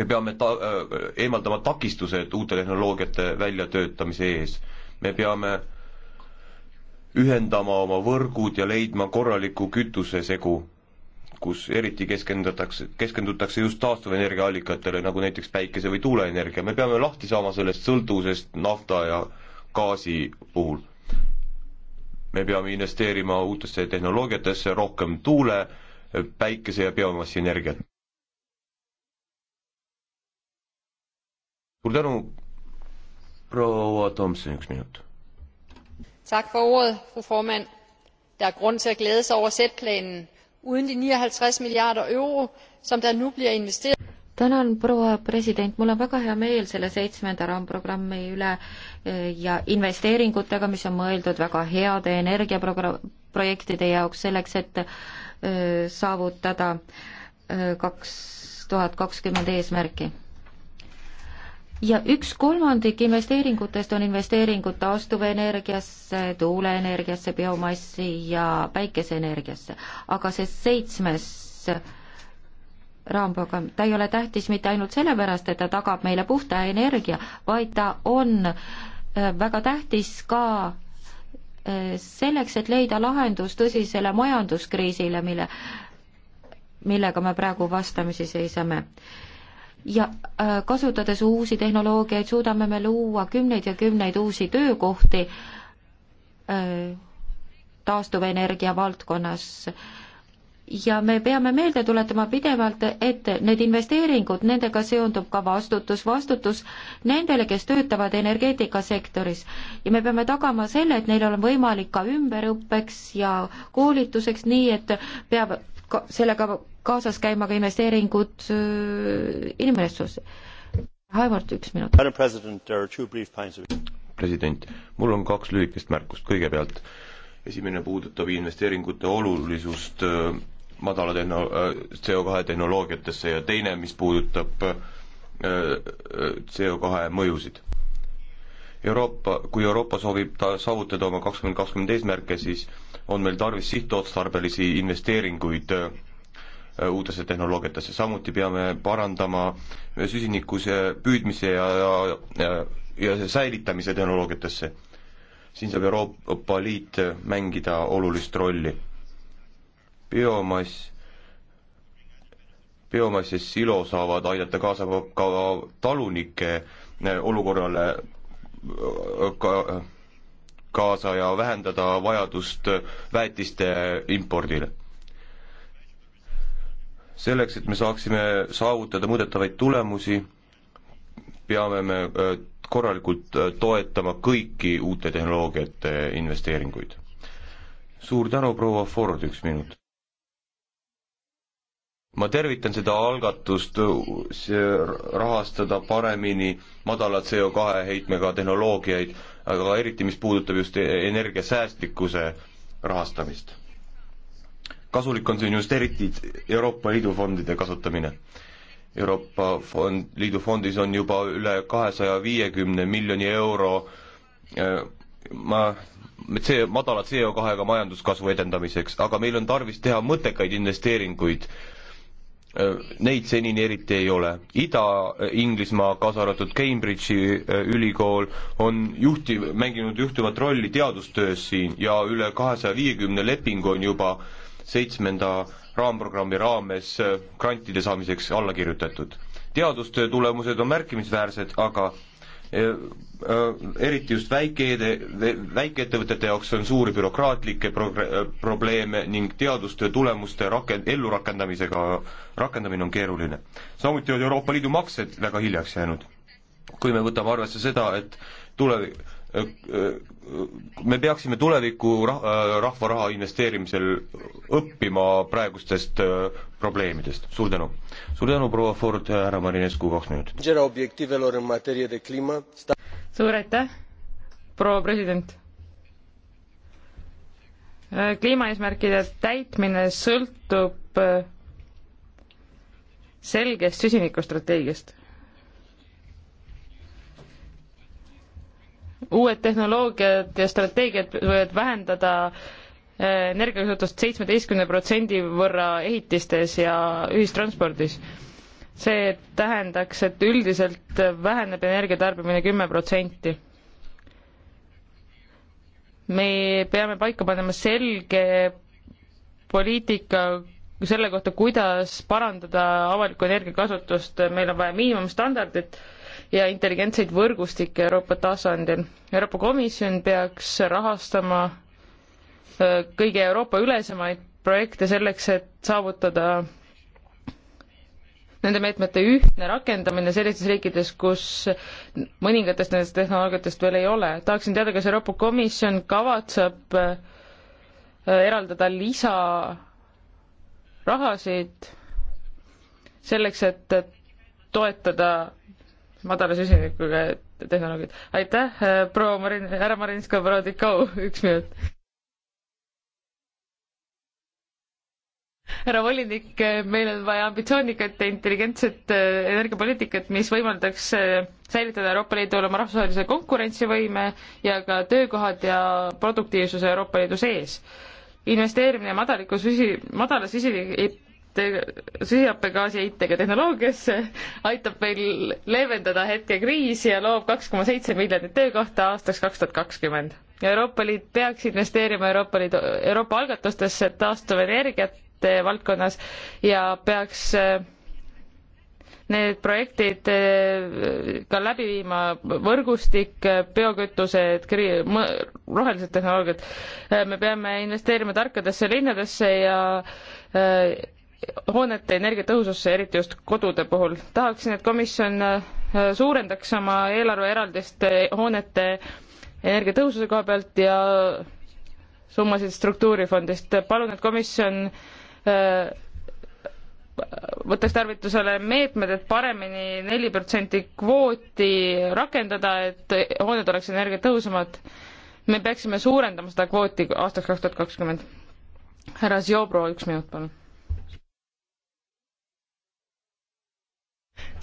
Speaker 1: me peame ta-, äh, eemaldama takistused uute tehnoloogiate väljatöötamise ees. me peame ühendama oma võrgud ja leidma korraliku kütusesegu, kus eriti keskendatakse, keskendutakse just taastuvenergiaallikatele, nagu näiteks päikese- või tuuleenergia, me peame lahti saama sellest sõltuvusest nafta ja gaasi puhul me peame investeerima uutesse tehnoloogiatesse, rohkem tuule, päikese ja biomassi energiat. suur tänu, proua Tomson, üks minut.
Speaker 3: Tak for ordet, fru formand. Der er grund til at glæde sig over sætplanen. Uden de 59 milliarder euro,
Speaker 2: som der nu bliver investeret tänan, proua president, mul on väga hea meel selle seitsmenda raamprogrammi üle ja investeeringutega, mis on mõeldud väga heade energiaprojektide jaoks, selleks et saavutada kaks tuhat kakskümmend eesmärki. ja üks kolmandik investeeringutest on investeeringud taastuvenergiasse, tuuleenergiasse, biomassi ja päikeseenergiasse, aga see seitsmes raamprogramm, ta ei ole tähtis mitte ainult sellepärast, et ta tagab meile puhta energia, vaid ta on äh, Äh, väga tähtis ka äh, selleks, et leida lahendus tõsisele majanduskriisile, mille, millega me praegu vastamisi seisame. ja äh, kasutades uusi tehnoloogiaid, suudame me luua kümneid ja kümneid uusi töökohti taastuvenergia valdkonnas ja me peame meelde tuletama pidevalt, et need investeeringud, nendega seondub ka vastutus, vastutus nendele, kes töötavad energeetikasektoris. ja me peame tagama selle, et neil on võimalik ka ümberõppeks ja koolituseks, nii et peab ka sellega kaasas käima ka investeeringud äh, inimressursse. Aivart, üks minut.
Speaker 1: president, mul on kaks lühikest märkust, kõigepealt esimene puudutab investeeringute olulisust äh, madala tehno-, CO2 tehnoloogiatesse ja teine, mis puudutab äh, äh, CO2 mõjusid. Euroopa, kui Euroopa soovib ta saavutada oma kakskümmend kakskümmend eesmärke, siis on meil tarvis sihtotstarbelisi investeeringuid äh, uutesse tehnoloogiatesse, samuti peame parandama süsinikuse püüdmise ja, ja, ja, ja säilitamise tehnoloogiatesse. siin saab Euroopa Liit mängida olulist rolli biomass, biomass ja silo saavad aidata kaasa ka talunike äh, olukorrale äh, ka, kaasa ja vähendada vajadust äh, väetiste impordile. selleks, et me saaksime saavutada mõõdetavaid tulemusi, peame me korralikult toetama kõiki uute tehnoloogiate investeeringuid. suur tänu, proua Ford, üks minut ma tervitan seda algatust rahastada paremini madala CO2 heitmega tehnoloogiaid, aga eriti, mis puudutab just energiasäästlikkuse rahastamist. kasulik on siin just eriti Euroopa Liidu fondide kasutamine. Euroopa fond, liidu fondis on juba üle kahesaja viiekümne miljoni euro äh, ma, see madala CO2-ga majanduskasvu edendamiseks, aga meil on tarvis teha mõttekaid investeeringuid äh, Äh, neid senini eriti ei ole. Ida-Inglismaa, kaasa arvatud Cambridge'i äh, ülikool, on juhti-, mänginud juhtivat rolli teadustöös siin ja üle kahesaja viiekümne lepingu on juba seitsmenda raamprogrammi raames äh, grantide saamiseks alla kirjutatud. teadustöö tulemused on märkimisväärsed, aga Äh, eriti just väikeede, väikeettevõtete jaoks on suuri bürokraatlikke progr-, äh, probleeme ning teadustöö tulemuste rakend-, ellurakendamisega, rakendamine on keeruline. samuti on Euroopa Liidu maksed väga hiljaks jäänud. kui me võtame arvesse seda, et tule-, äh, me peaksime tuleviku rah-, äh, rahva raha investeerimisel õppima praegustest äh, probleemidest. suur tänu. suur tänu, proua Ford, äh, härra Marinescu, kaks minutit.
Speaker 3: suur aitäh, proua president. kliimaeesmärkide täitmine sõltub selgest süsinikustrateegiast uued tehnoloogiad ja strateegiad võivad vähendada äh, energiakasutust seitsmeteistkümne protsendi võrra ehitistes ja ühistranspordis. see tähendaks, et üldiselt väheneb energia tarbimine kümme protsenti. me peame paika panema selge poliitika selle kohta, kuidas parandada avalikku energiakasutust, meil on vaja miinimumstandardit ja intelligentseid võrgustikke Euroopa tasandil. Euroopa Komisjon peaks rahastama äh, kõige Euroopa ülesemaid projekte selleks, et saavutada nende meetmete ühtne rakendamine sellistes riikides, kus mõningatest nendest tehnoloogiatest veel ei ole. tahaksin teada, kas Euroopa Komisjon kavatseb äh, eraldada lisarahasid selleks, et toetada madala süsinikuga tehnoloogiat. aitäh, äh, proua Marin, härra Marinska, proua Tikau, üks minut. härra volinik, äh, meil on vaja ambitsioonikat ja intelligentset äh, energiapoliitikat, mis võimaldaks säilitada Euroopa Liidul oma rahvusvahelise konkurentsivõime ja ka töökohad ja produktiivsuse Euroopa Liidu sees investeerimine madaliku süsi, madala süsiniku süsihappegaasi heitega tehnoloogiasse, aitab meil leevendada hetkekriisi ja loob kaks koma seitse miljardit töökohta aastaks kaks tuhat kakskümmend. Euroopa Liit peaks investeerima Euroopa Liidu, Euroopa algatustesse taastuvenergiate valdkonnas ja peaks äh, need projektid äh, ka läbi viima, võrgustik, äh, biokütused, rohelised tehnoloogiad. me peame investeerima tarkadesse linnadesse ja hoonete energiatõhususse, eriti just kodude puhul. tahaksin, et komisjon äh, suurendaks oma eelarveeraldist äh, hoonete energiatõhususe koha pealt ja summasid struktuurifondist. palun, et komisjon äh, võtaks tarvitusele meetmed, et paremini neli protsenti kvooti rakendada, et hooned oleks energiatõhusamad. me peaksime suurendama seda kvooti aastaks kaks tuhat kakskümmend. härra Ziobro, üks minut, palun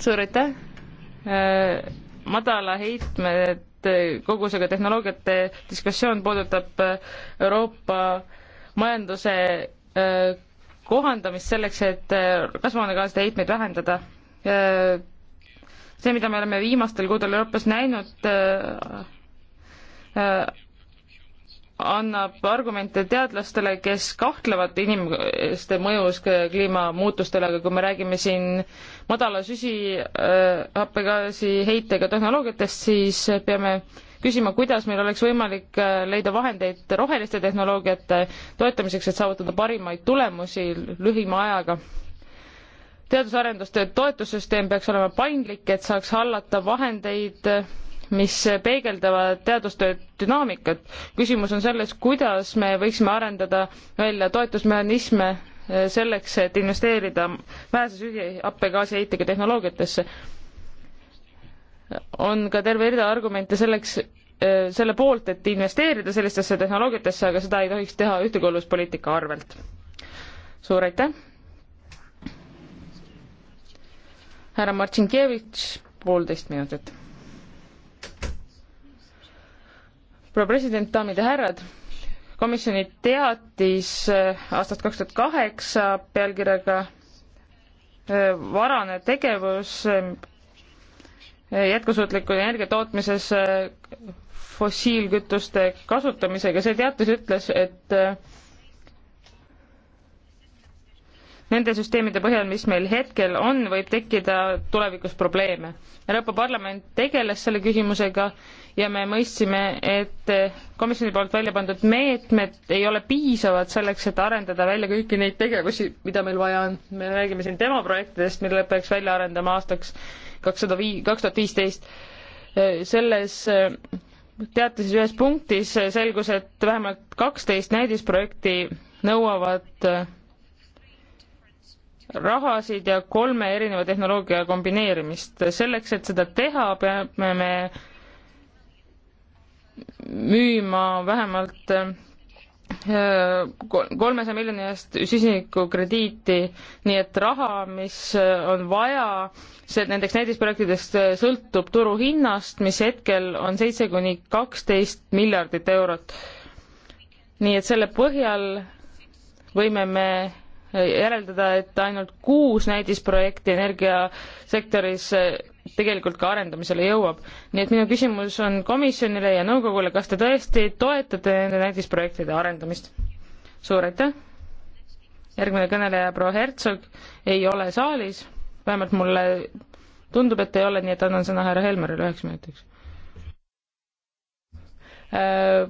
Speaker 3: suur aitäh! Äh, madala heitmed kogusega tehnoloogiate diskussioon puudutab äh, Euroopa majanduse äh, kohandamist selleks, et kasvuhoonegaaside heitmeid vähendada. see, mida me oleme viimastel kuudel Euroopas näinud, annab argumente teadlastele, kes kahtlevad inimeste mõjus kliimamuutustele, aga kui me räägime siin madala süsihappegaasi äh, heitega tehnoloogiatest, siis peame küsima, kuidas meil oleks võimalik äh, leida vahendeid roheliste tehnoloogiate toetamiseks, et saavutada parimaid tulemusi lühima ajaga teadus-arendustöö toetussüsteem peaks olema paindlik, et saaks hallata vahendeid mis peegeldavad teadustöö dünaamikat. küsimus on selles, kuidas me võiksime arendada välja toetusmehhanisme eh, selleks, et investeerida vähese süsihappegaasi heitega tehnoloogiatesse. on ka terve rida argumente selleks, eh, selle poolt, et investeerida sellistesse tehnoloogiatesse, aga seda ei tohiks teha ühtekuuluvuspoliitika arvelt. suur aitäh! härra Martšinkevitš, poolteist minutit proua president, daamid ja härrad, komisjoni teatis äh, aastast kaks tuhat kaheksa pealkirjaga äh, varane tegevus äh, jätkusuutliku energia tootmises fossiilkütuste kasutamisega, see teatis ütles, et nende süsteemide põhjal, mis meil hetkel on, võib tekkida tulevikus probleeme. Euroopa Parlament tegeles selle küsimusega ja me mõistsime, et komisjoni poolt välja pandud meetmed ei ole piisavad selleks, et arendada välja kõiki neid tegevusi, mida meil vaja on. me räägime siin demoprojektidest, mille peaks välja arendama aastaks kakssada vii-, kaks tuhat viisteist. selles teatises ühes punktis selgus, et vähemalt kaksteist näidisprojekti nõuavad rahasid ja kolme erineva tehnoloogia kombineerimist. selleks, et seda teha, peame me müüma vähemalt äh, kolmesaja miljoni eest süsinikukrediiti, nii et raha, mis äh, on vaja, see nendeks näidisprojektidest äh, sõltub turuhinnast, mis hetkel on seitse kuni kaksteist miljardit eurot. nii et selle põhjal võime me järeldada, et ainult kuus näidisprojekti energiasektoris eh, tegelikult ka arendamisele jõuab. nii et minu küsimus on komisjonile ja nõukogule, kas te tõesti toetate nende näidisprojektide arendamist? suur aitäh! järgmine kõneleja, proua Hertsog, ei ole saalis, vähemalt mulle tundub, et ei ole, nii et annan sõna härra Helmerile üheks minutiks äh,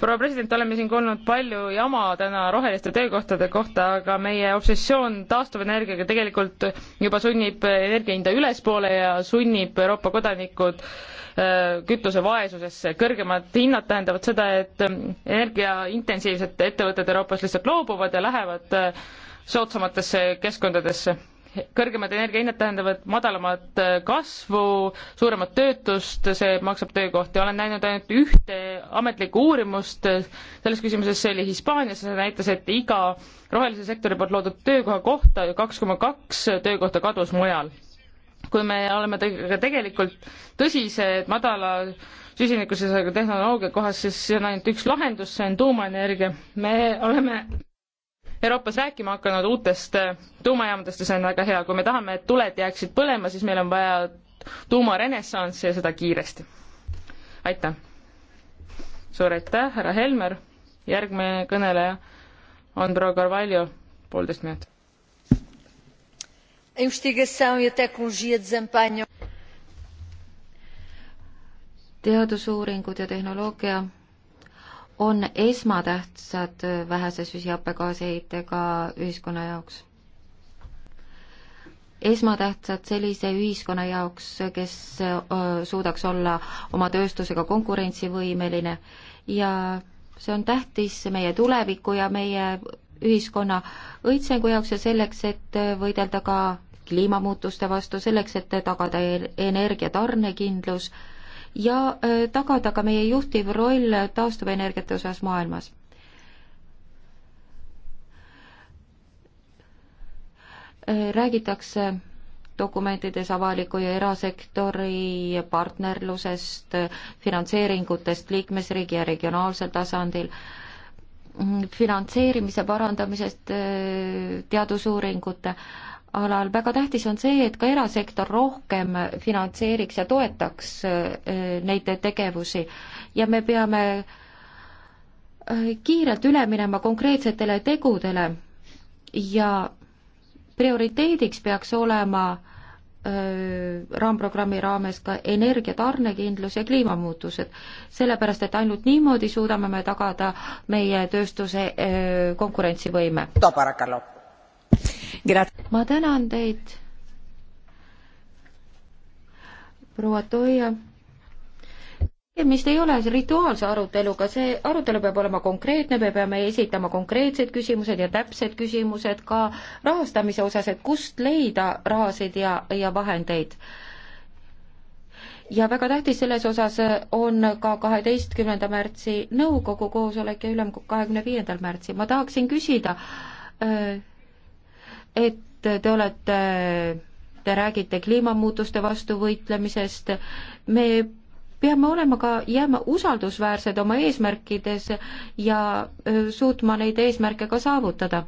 Speaker 3: proua president, oleme siin kuulnud palju jama täna roheliste töökohtade kohta, aga meie obsessioon taastuvenergiaga tegelikult juba sunnib energia hinda ülespoole ja sunnib Euroopa kodanikud äh, kütusevaesusesse. kõrgemad hinnad tähendavad seda, et äh, energiaintensiivsed ettevõtted Euroopas lihtsalt loobuvad ja lähevad äh, soodsamatesse keskkondadesse kõrgemad energiahinnad tähendavad madalamat äh, kasvu, suuremat töötust, see maksab töökohti. olen näinud ainult ühte ametlikku uurimust äh, selles küsimuses, see oli Hispaanias, see näitas, et iga rohelise sektori poolt loodud töökoha kohta kaks koma kaks töökohta kadus mujal. kui me oleme tegelikult tõsised madala süsinikusisaldusega tehnoloogia kohas, siis see on ainult üks lahendus, see on tuumaenergia. me oleme Euroopas rääkima hakanud uutest äh, tuumajaamadest ja see on väga hea. kui me tahame, et tuled jääksid põlema, siis meil on vaja tuumarenessanssi ja seda kiiresti. aitäh! suur aitäh, härra Helmer! järgmine kõneleja on proua Carvalho, poolteist minutit.
Speaker 2: E teadusuuringud ja tehnoloogia on esmatähtsad vähese süsihappegaasiheitega ühiskonna jaoks. esmatähtsad sellise ühiskonna jaoks, kes suudaks olla oma tööstusega konkurentsivõimeline ja see on tähtis meie tuleviku ja meie ühiskonna õitsengu jaoks ja selleks, et võidelda ka kliimamuutuste vastu, selleks, et tagada e-, energiatarnekindlus, ja äh, tagada ka meie juhtiv roll taastuvenergiate osas maailmas. Äh, räägitakse dokumentides avaliku ja erasektori partnerlusest, finantseeringutest liikmesriigi ja regionaalsel tasandil, mm, finantseerimise parandamisest, äh, teadusuuringute, alal, väga tähtis on see, et ka erasektor rohkem finantseeriks ja toetaks äh, neid tegevusi ja me peame äh, kiirelt üle minema konkreetsetele tegudele ja prioriteediks peaks olema äh, raamprogrammi raames ka energia tarnekindlus ja kliimamuutused, sellepärast et ainult niimoodi suudame me tagada meie tööstuse konkurentsivõime ma tänan teid, proua Toia tegemist ei ole rituaalse aruteluga, see arutelu peab olema konkreetne, me peame esitama konkreetsed küsimused ja täpsed küsimused ka rahastamise osas, et kust leida rahasid ja, ja vahendeid. ja väga tähtis selles osas on ka kaheteistkümnenda märtsi nõukogu koosolek ja ülemkogu kahekümne viiendal märtsil. ma tahaksin küsida öö, äh, et te olete, te räägite kliimamuutuste vastu võitlemisest, me peame olema ka, jääma usaldusväärsed oma eesmärkides ja suutma neid eesmärke ka saavutada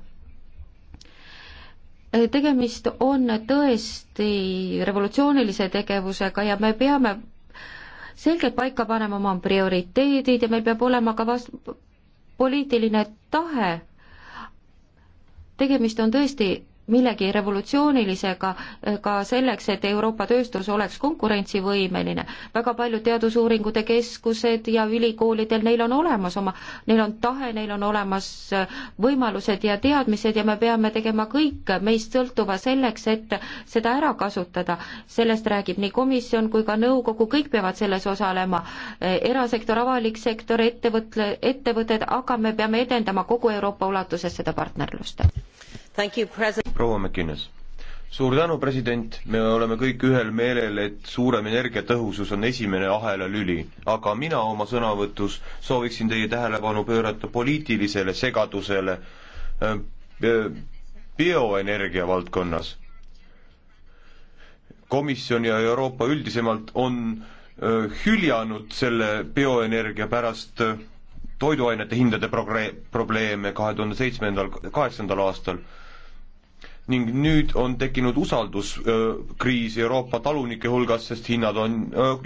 Speaker 2: tegemist on tõesti revolutsioonilise tegevusega ja me peame selgelt paika panema oma prioriteedid ja meil peab olema ka vast-, poliitiline tahe. tegemist on tõesti millegi revolutsioonilisega eh, ka selleks, et Euroopa tööstus oleks konkurentsivõimeline. väga paljud teadusuuringute keskused ja ülikoolidel, neil on olemas oma, neil on tahe, neil on olemas eh, võimalused ja teadmised ja me peame tegema kõik meist sõltuva selleks, et seda ära kasutada. sellest räägib nii komisjon kui ka nõukogu, kõik peavad selles osalema. Eh, erasektor, avalik sektor, ettevõtle, ettevõtted, aga me peame edendama kogu Euroopa ulatuses seda partnerlust
Speaker 1: proua McInnes suur tänu, president, me oleme kõik ühel meelel, et suurem energiatõhusus on esimene ahelalüli, aga mina oma sõnavõtus sooviksin teie tähelepanu pöörata poliitilisele segadusele äh, bioenergia valdkonnas. komisjon ja Euroopa üldisemalt on äh, hüljanud selle bioenergia pärast äh, toiduainete hindade progre-, probleeme kahe tuhande seitsmendal, kaheksandal aastal ning nüüd on tekkinud usalduskriis Euroopa talunike hulgas, sest hinnad on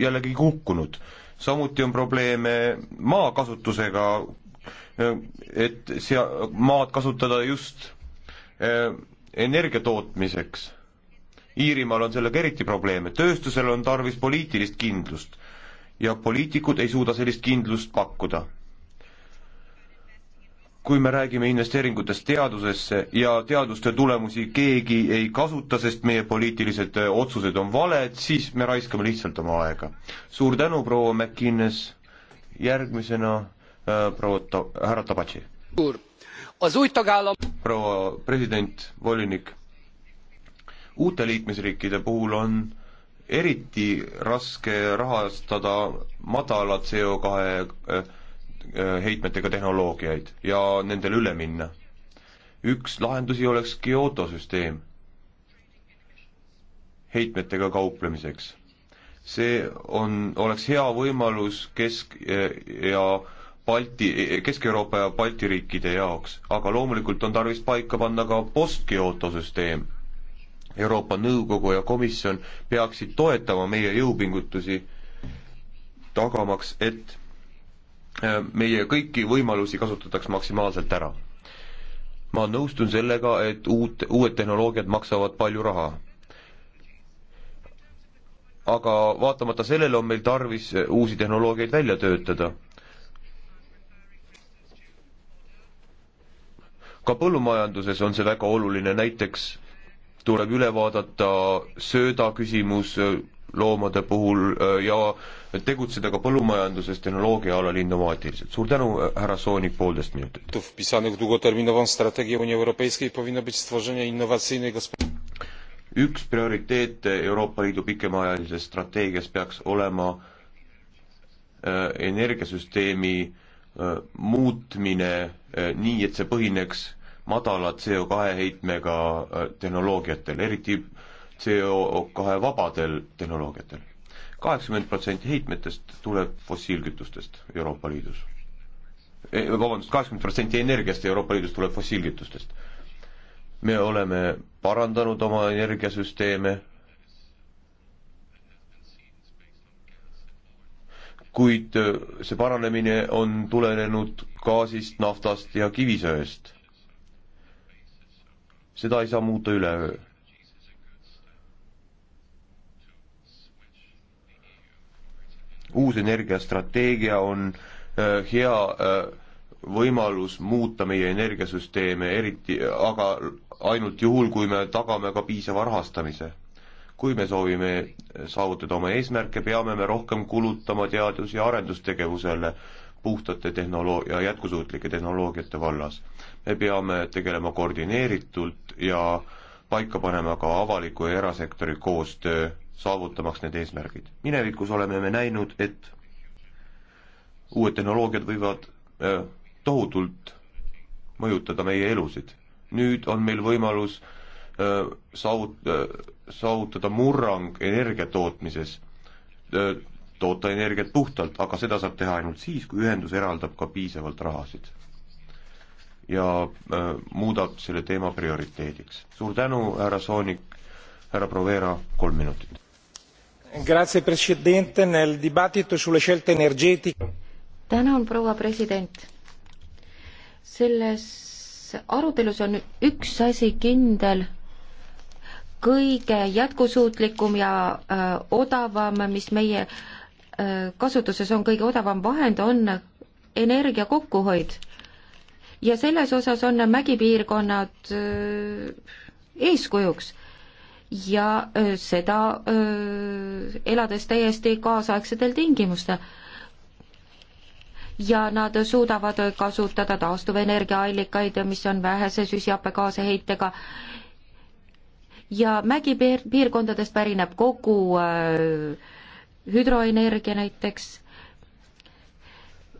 Speaker 1: jällegi kukkunud. samuti on probleeme maakasutusega, et sea-, maad kasutada just energia tootmiseks. Iirimaal on sellega eriti probleeme, tööstusel on tarvis poliitilist kindlust ja poliitikud ei suuda sellist kindlust pakkuda kui me räägime investeeringutest teadusesse ja teaduste tulemusi keegi ei kasuta, sest meie poliitilised äh, otsused on valed, siis me raiskame lihtsalt oma aega. suur tänu, proua McInnes, järgmisena äh, proua ta-, härra Tabatši. proua president, volinik, uute liikmesriikide puhul on eriti raske rahastada madala CO kahe äh, Äh, heitmetega tehnoloogiaid ja nendele üle minna. üks lahendusi oleks Kyoto süsteem heitmetega kauplemiseks. see on, oleks hea võimalus Kesk- ja Balti, Kesk-Euroopa ja Balti riikide jaoks, aga loomulikult on tarvis paika panna ka post-Kyoto süsteem. Euroopa Nõukogu ja Komisjon peaksid toetama meie jõupingutusi, tagamaks, et Äh, meie kõiki võimalusi kasutataks maksimaalselt ära. ma nõustun sellega, et uut, uued tehnoloogiad maksavad palju raha. aga vaatamata sellele on meil tarvis äh, uusi tehnoloogiaid välja töötada. ka põllumajanduses on see väga oluline, näiteks tuleb üle vaadata sööda küsimus, äh, loomade puhul äh, ja tegutseda ka põllumajanduses tehnoloogia alal innovaatiliselt. suur tänu, äh, härra Soonik, poolteist minutit. wpisanych długoterminową strategię Unii Europejskiej powinno być stworzenie innowacyjnej üks prioriteete Euroopa Liidu pikemaajalises strateegias peaks olema äh, energiasüsteemi muutmine nii, et see põhineks madala CO2 heitmega tehnoloogiatel, eriti CO kahe vabadel tehnoloogiatel. kaheksakümmend protsenti heitmetest tuleb fossiilkütustest Euroopa Liidus e,. vabandust, kaheksakümmend protsenti energiast Euroopa Liidus tuleb fossiilkütustest. me oleme parandanud oma energiasüsteeme, kuid e, see paranemine on tulenenud gaasist, naftast ja kivisöest. seda ei saa muuta üleöö uus energiastrateegia on äh, hea äh, võimalus muuta meie energiasüsteeme, eriti äh, aga ainult juhul, kui me tagame ka piisava rahastamise. kui me soovime saavutada oma eesmärke, peame me rohkem kulutama teadus- ja arendustegevusele puhtate tehnoloo- ja jätkusuutlike tehnoloogiate vallas. me peame tegelema koordineeritult ja paika panema ka avaliku ja erasektori koostöö saavutamaks need eesmärgid. minevikus oleme me näinud, et uued tehnoloogiad võivad äh, tohutult mõjutada meie elusid. nüüd on meil võimalus äh, saavut-, äh, saavutada murrang energia tootmises, toota energiat puhtalt, aga seda saab teha ainult siis, kui ühendus eraldab ka piisavalt rahasid. ja muudab selle teema prioriteediks. suur tänu, härra Soonik, härra Provera, kolm minutit. Grazie, president, nel dibattito sulle scelte energetiche.
Speaker 2: tänan, proua president. selles arutelus on üks asi kindel kõige jätkusuutlikum ja äh, odavam, mis meie äh, kasutuses on, kõige odavam vahend on energia kokkuhoid. ja selles osas on mägipiirkonnad äh, eeskujuks ja seda elades täiesti kaasaegsetel tingimustel. ja nad suudavad kasutada taastuvenergiaallikaid, mis on vähese süsihappegaaseheitega ja mägipiirkondadest pärineb kogu äh, hüdroenergia näiteks.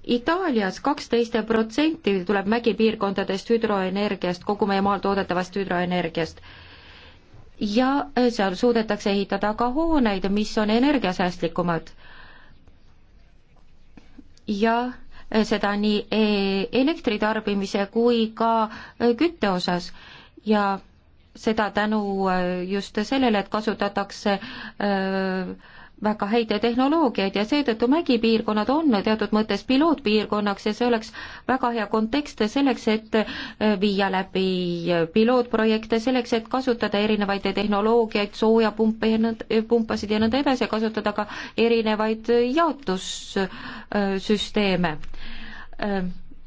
Speaker 2: Itaalias kaksteist protsenti tuleb mägipiirkondadest hüdroenergiast, kogu meie maal toodetavast hüdroenergiast ja äh, seal suudetakse ehitada ka hooneid, mis on energiasäästlikumad. ja äh, seda nii äh, elektritarbimise kui ka kütte osas ja seda tänu just sellele, et kasutatakse öö, väga häid tehnoloogiaid ja seetõttu mägipiirkonnad on teatud mõttes pilootpiirkonnaks ja see oleks väga hea kontekst selleks, et äh, viia läbi äh, pilootprojekte, selleks, et kasutada erinevaid tehnoloogiaid, soojapumpe ja nõnd-, äh, pumpasid ja nõnda edasi ja kasutada ka erinevaid jaotussüsteeme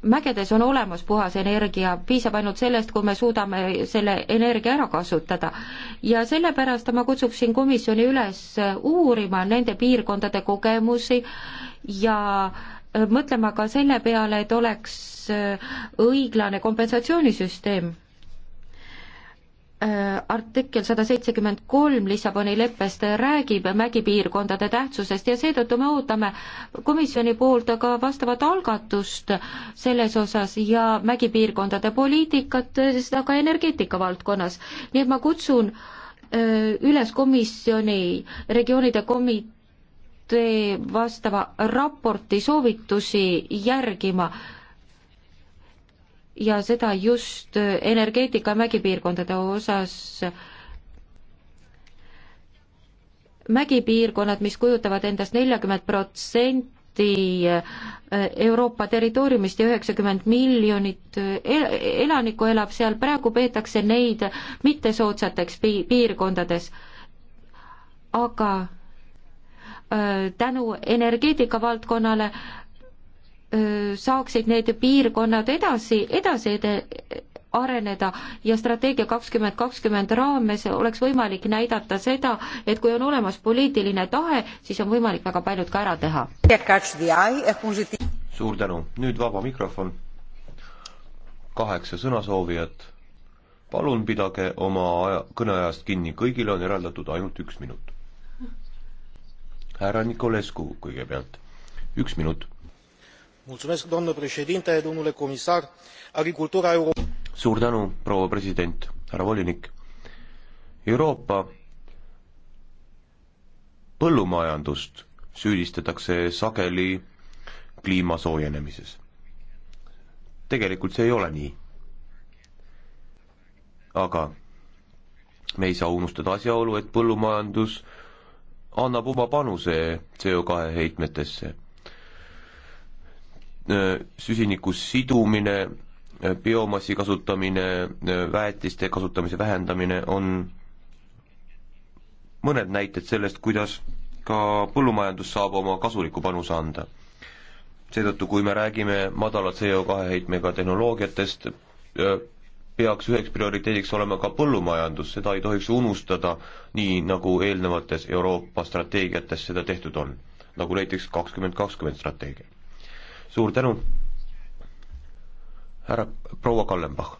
Speaker 2: mägedes on olemas puhas energia, piisab ainult sellest, kui me suudame selle energia ära kasutada. ja sellepärast ma kutsuksin komisjoni üles uurima nende piirkondade kogemusi ja mõtlema ka selle peale, et oleks õiglane kompensatsioonisüsteem Äh, artikkel sada seitsekümmend kolm Lissaboni leppest räägib mägipiirkondade tähtsusest ja seetõttu me ootame komisjoni poolt ka vastavat algatust selles osas ja mägipiirkondade poliitikat, seda ka energeetika valdkonnas. nii et ma kutsun äh, üles komisjoni, regioonide komitee vastava raporti soovitusi järgima ja seda just energeetika mägipiirkondade osas. mägipiirkonnad, mis kujutavad endast neljakümmet protsenti Euroopa territooriumist ja üheksakümmend miljonit e-, elanikku elab seal, praegu peetakse neid mittesoodsateks pi-, piirkondades. aga äh, tänu energeetika valdkonnale äh, saaksid need piirkonnad edasi, edasi ede-, areneda ja strateegia kakskümmend kakskümmend raames oleks võimalik näidata seda, et kui on olemas poliitiline tahe, siis on võimalik väga paljud ka ära teha.
Speaker 1: suur tänu, nüüd vaba mikrofon. kaheksa sõnasoovijat. palun pidage oma aja, kõneajast kinni, kõigile on eraldatud ainult üks minut. härra Nikolescu kõigepealt, üks minut suur tänu, proua president, härra volinik. Euroopa põllumajandust süüdistatakse sageli kliima soojenemises. tegelikult see ei ole nii. aga me ei saa unustada asjaolu, et põllumajandus annab oma panuse CO2 heitmetesse Äh, süsiniku sidumine, äh, biomassi kasutamine, äh, väetiste kasutamise vähendamine on mõned näited sellest, kuidas ka põllumajandus saab oma kasuliku panuse anda. seetõttu, kui me räägime madala CO2 heitmega tehnoloogiatest, peaks üheks prioriteediks olema ka põllumajandus, seda ei tohiks unustada, nii nagu eelnevates Euroopa strateegiates seda tehtud on, nagu näiteks kakskümmend kakskümmend strateegia suur tänu, härra proua Kallenbach.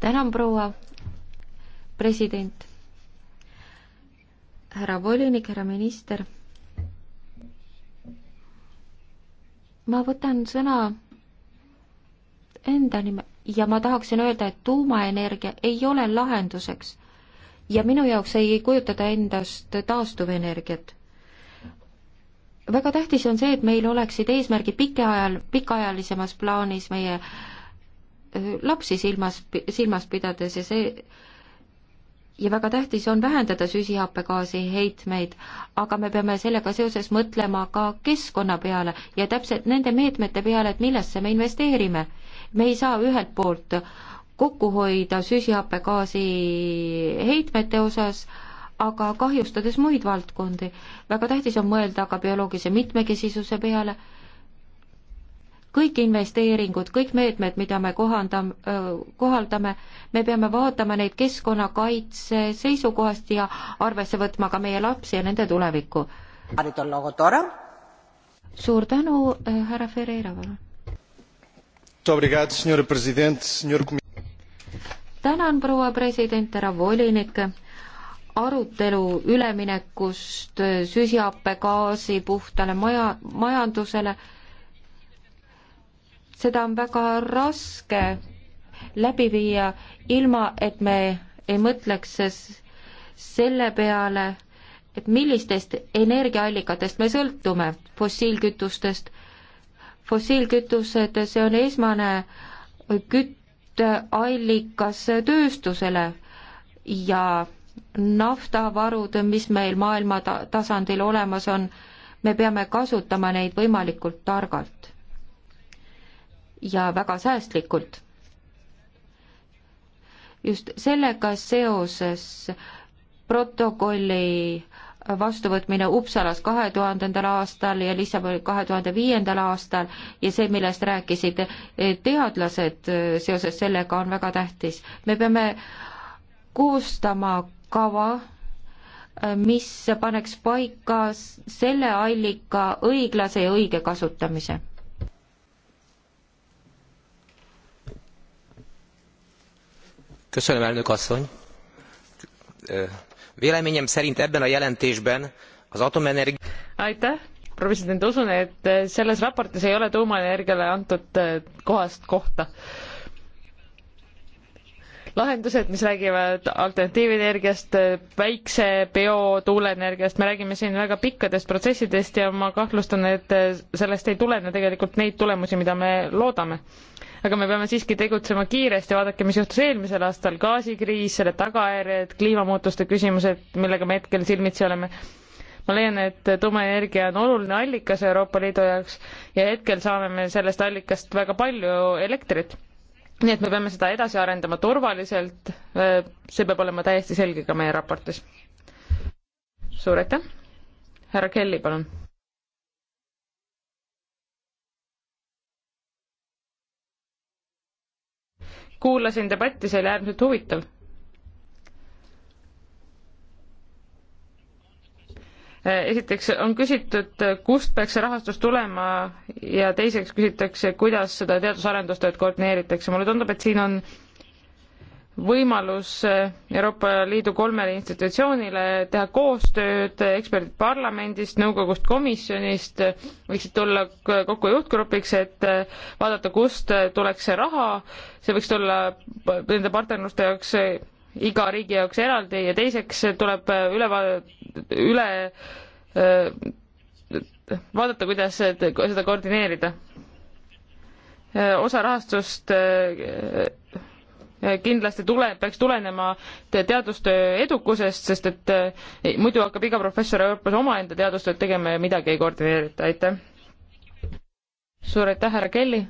Speaker 2: tänan, proua president, härra volinik, härra minister. ma võtan sõna enda nime ja ma tahaksin öelda, et tuumaenergia ei ole lahenduseks ja minu jaoks ei kujutada endast taastuvenergiat väga tähtis on see, et meil oleksid eesmärgid pikaajal, pikaajalisemas plaanis meie äh, lapsi silmas, silmas pidades ja see ja väga tähtis on vähendada süsihappegaasi heitmeid, aga me peame sellega seoses mõtlema ka keskkonna peale ja täpselt nende meetmete peale, et millesse me investeerime. me ei saa ühelt poolt kokku hoida süsihappegaasi heitmete osas äh, aga kahjustades muid valdkondi. väga tähtis on mõelda ka bioloogilise mitmekesisuse peale, kõik investeeringud, kõik meetmed, mida me kohandam-, kohaldame, me peame vaatama neid keskkonnakaitse seisukohast ja arvesse võtma ka meie lapsi ja nende tulevikku. suur tänu, härra Ferreira, palun. tänan, proua president, härra volinik arutelu üleminekust süsihappegaasi puhtale maja, majandusele, seda on väga raske läbi viia, ilma et me ei mõtleks selle peale, et millistest energiaallikatest me sõltume, fossiilkütustest. fossiilkütused, see on esmane kütteallikas tööstusele ja naftavarud, mis meil maailma ta-, tasandil olemas on, me peame kasutama neid võimalikult targalt ja väga säästlikult. just sellega seoses protokolli vastuvõtmine Uppsalas kahe tuhandendal aastal ja Lissaboni kahe tuhande viiendal aastal ja see, millest rääkisid teadlased seoses sellega, on väga tähtis. me peame koostama kava, äh, mis paneks paika selle allika õiglase ja õige kasutamise
Speaker 1: véleményem szerint ebben a jelentésben az atomenergia.
Speaker 3: aitäh president usun et selles raportis ei ole tuumaenergiale antud kohast kohta lahendused, mis räägivad alternatiivenergiast, väikse bio tuuleenergiast, me räägime siin väga pikkadest protsessidest ja ma kahtlustan, et sellest ei tulene tegelikult neid tulemusi, mida me loodame aga me peame siiski tegutsema kiiresti, vaadake, mis juhtus eelmisel aastal, gaasikriis, selle tagajärjed, kliimamuutuste küsimused, millega me hetkel silmitsi oleme. ma leian, et tuumaenergia on oluline allikas Euroopa Liidu jaoks ja hetkel saame me sellest allikast väga palju elektrit nii et me peame seda edasi arendama turvaliselt, äh, see peab olema täiesti selge ka meie raportis. suur aitäh, härra Kelly, palun kuulasin debatti, see oli äärmiselt huvitav. esiteks on küsitud, kust peaks see rahastus tulema ja teiseks küsitakse, kuidas seda teadus-arendustööd koordineeritakse. mulle tundub, et siin on võimalus Euroopa Liidu kolmele institutsioonile teha koostööd, eksperdid parlamendist, nõukogust, komisjonist võiksid tulla kokku juhtgrupiks, et vaadata, kust tuleks see raha, see võiks tulla nende partnerluste jaoks iga riigi jaoks eraldi ja teiseks tuleb üle va-, üle vaadata, kuidas seda koordineerida. osa rahastust kindlasti tule, peaks tulenema teadustöö edukusest, sest et muidu hakkab iga professor Euroopas omaenda teadustööd tegema ja midagi ei koordineerita, aitäh. suur aitäh, härra Kelly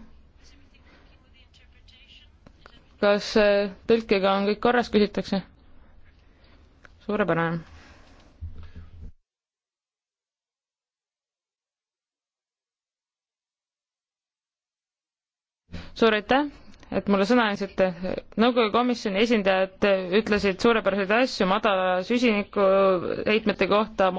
Speaker 3: kas äh, tõlkega on kõik korras, küsitakse? suurepärane. suur aitäh, et mulle sõna andsite. nõukogu komisjoni esindajad ütlesid suurepäraseid asju madala süsinikuheitmete kohta,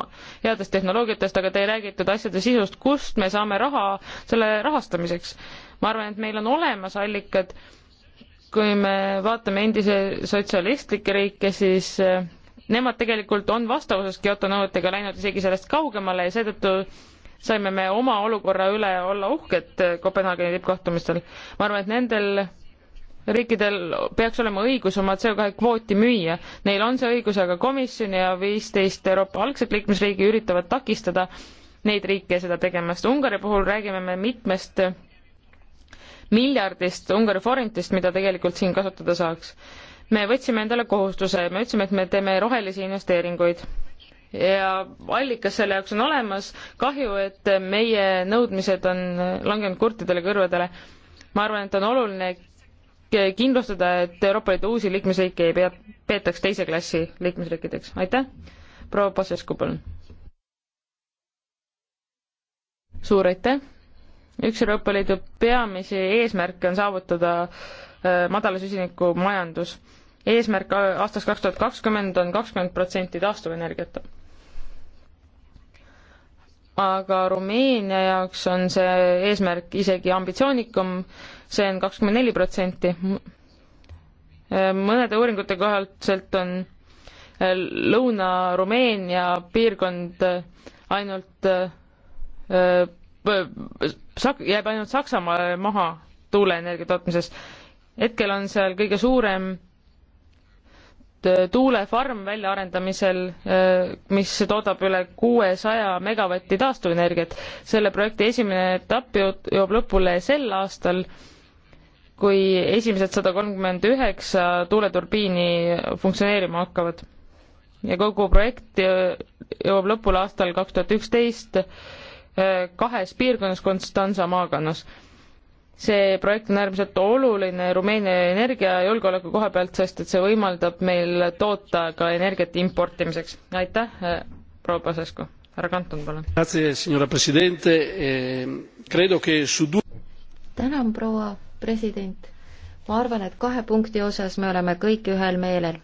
Speaker 3: headest tehnoloogiatest, aga te ei räägitud asjade sisust, kust me saame raha selle rahastamiseks. ma arvan, et meil on olemas allikad kui me vaatame endise sotsialistlikke riike, siis eh, nemad tegelikult on vastavuses Kyoto nõuetega läinud isegi sellest kaugemale ja seetõttu saime me oma olukorra üle olla uhked eh, Kopenhaageni tippkohtumistel. ma arvan, et nendel riikidel peaks olema õigus oma CO2 kvooti müüa. Neil on see õigus, aga komisjon ja viisteist Euroopa algset liikmesriigi üritavad takistada neid riike seda tegemast. Ungari puhul räägime me mitmest miljardist Ungari forintist, mida tegelikult siin kasutada saaks. me võtsime endale kohustuse, me ütlesime, et me teeme rohelisi investeeringuid ja allikas selle jaoks on olemas, kahju, et meie nõudmised on langenud kurtidele kõrvadele. ma arvan, et on oluline kindlustada, et Euroopa Liidu uusi liikmesriike ei pea, peetaks teise klassi liikmesriikideks. aitäh, proua Pasescu, palun. suur aitäh üks Euroopa Liidu peamisi eesmärke on saavutada äh, madala süsiniku majandus. eesmärk aastaks kaks tuhat kakskümmend on kakskümmend protsenti taastuvenergiat. aga Rumeenia jaoks on see eesmärk isegi ambitsioonikum, see on kakskümmend neli protsenti. mõnede uuringute kohaselt on äh, Lõuna-Rumeenia piirkond äh, ainult sak-, jääb ainult Saksamaale maha tuuleenergia tootmises. hetkel on seal kõige suurem tuulefarm väljaarendamisel, äh, mis toodab üle kuuesaja megavatti taastuvenergiat. selle projekti esimene etapp jõuab lõpule sel aastal, kui esimesed sada kolmkümmend üheksa tuuleturbiini funktsioneerima hakkavad. ja kogu projekt jõuab lõpule aastal kaks tuhat üksteist kahes piirkonnas, Konstanza maakonnas. see projekt on äärmiselt oluline Rumeenia energiajulgeoleku koha pealt, sest et see võimaldab meil toota ka energiat importimiseks. aitäh, eh, proua Pasescu. härra Kanton, palun.
Speaker 2: Eh, tänan, proua president. ma arvan, et kahe punkti osas me oleme kõik ühel meelel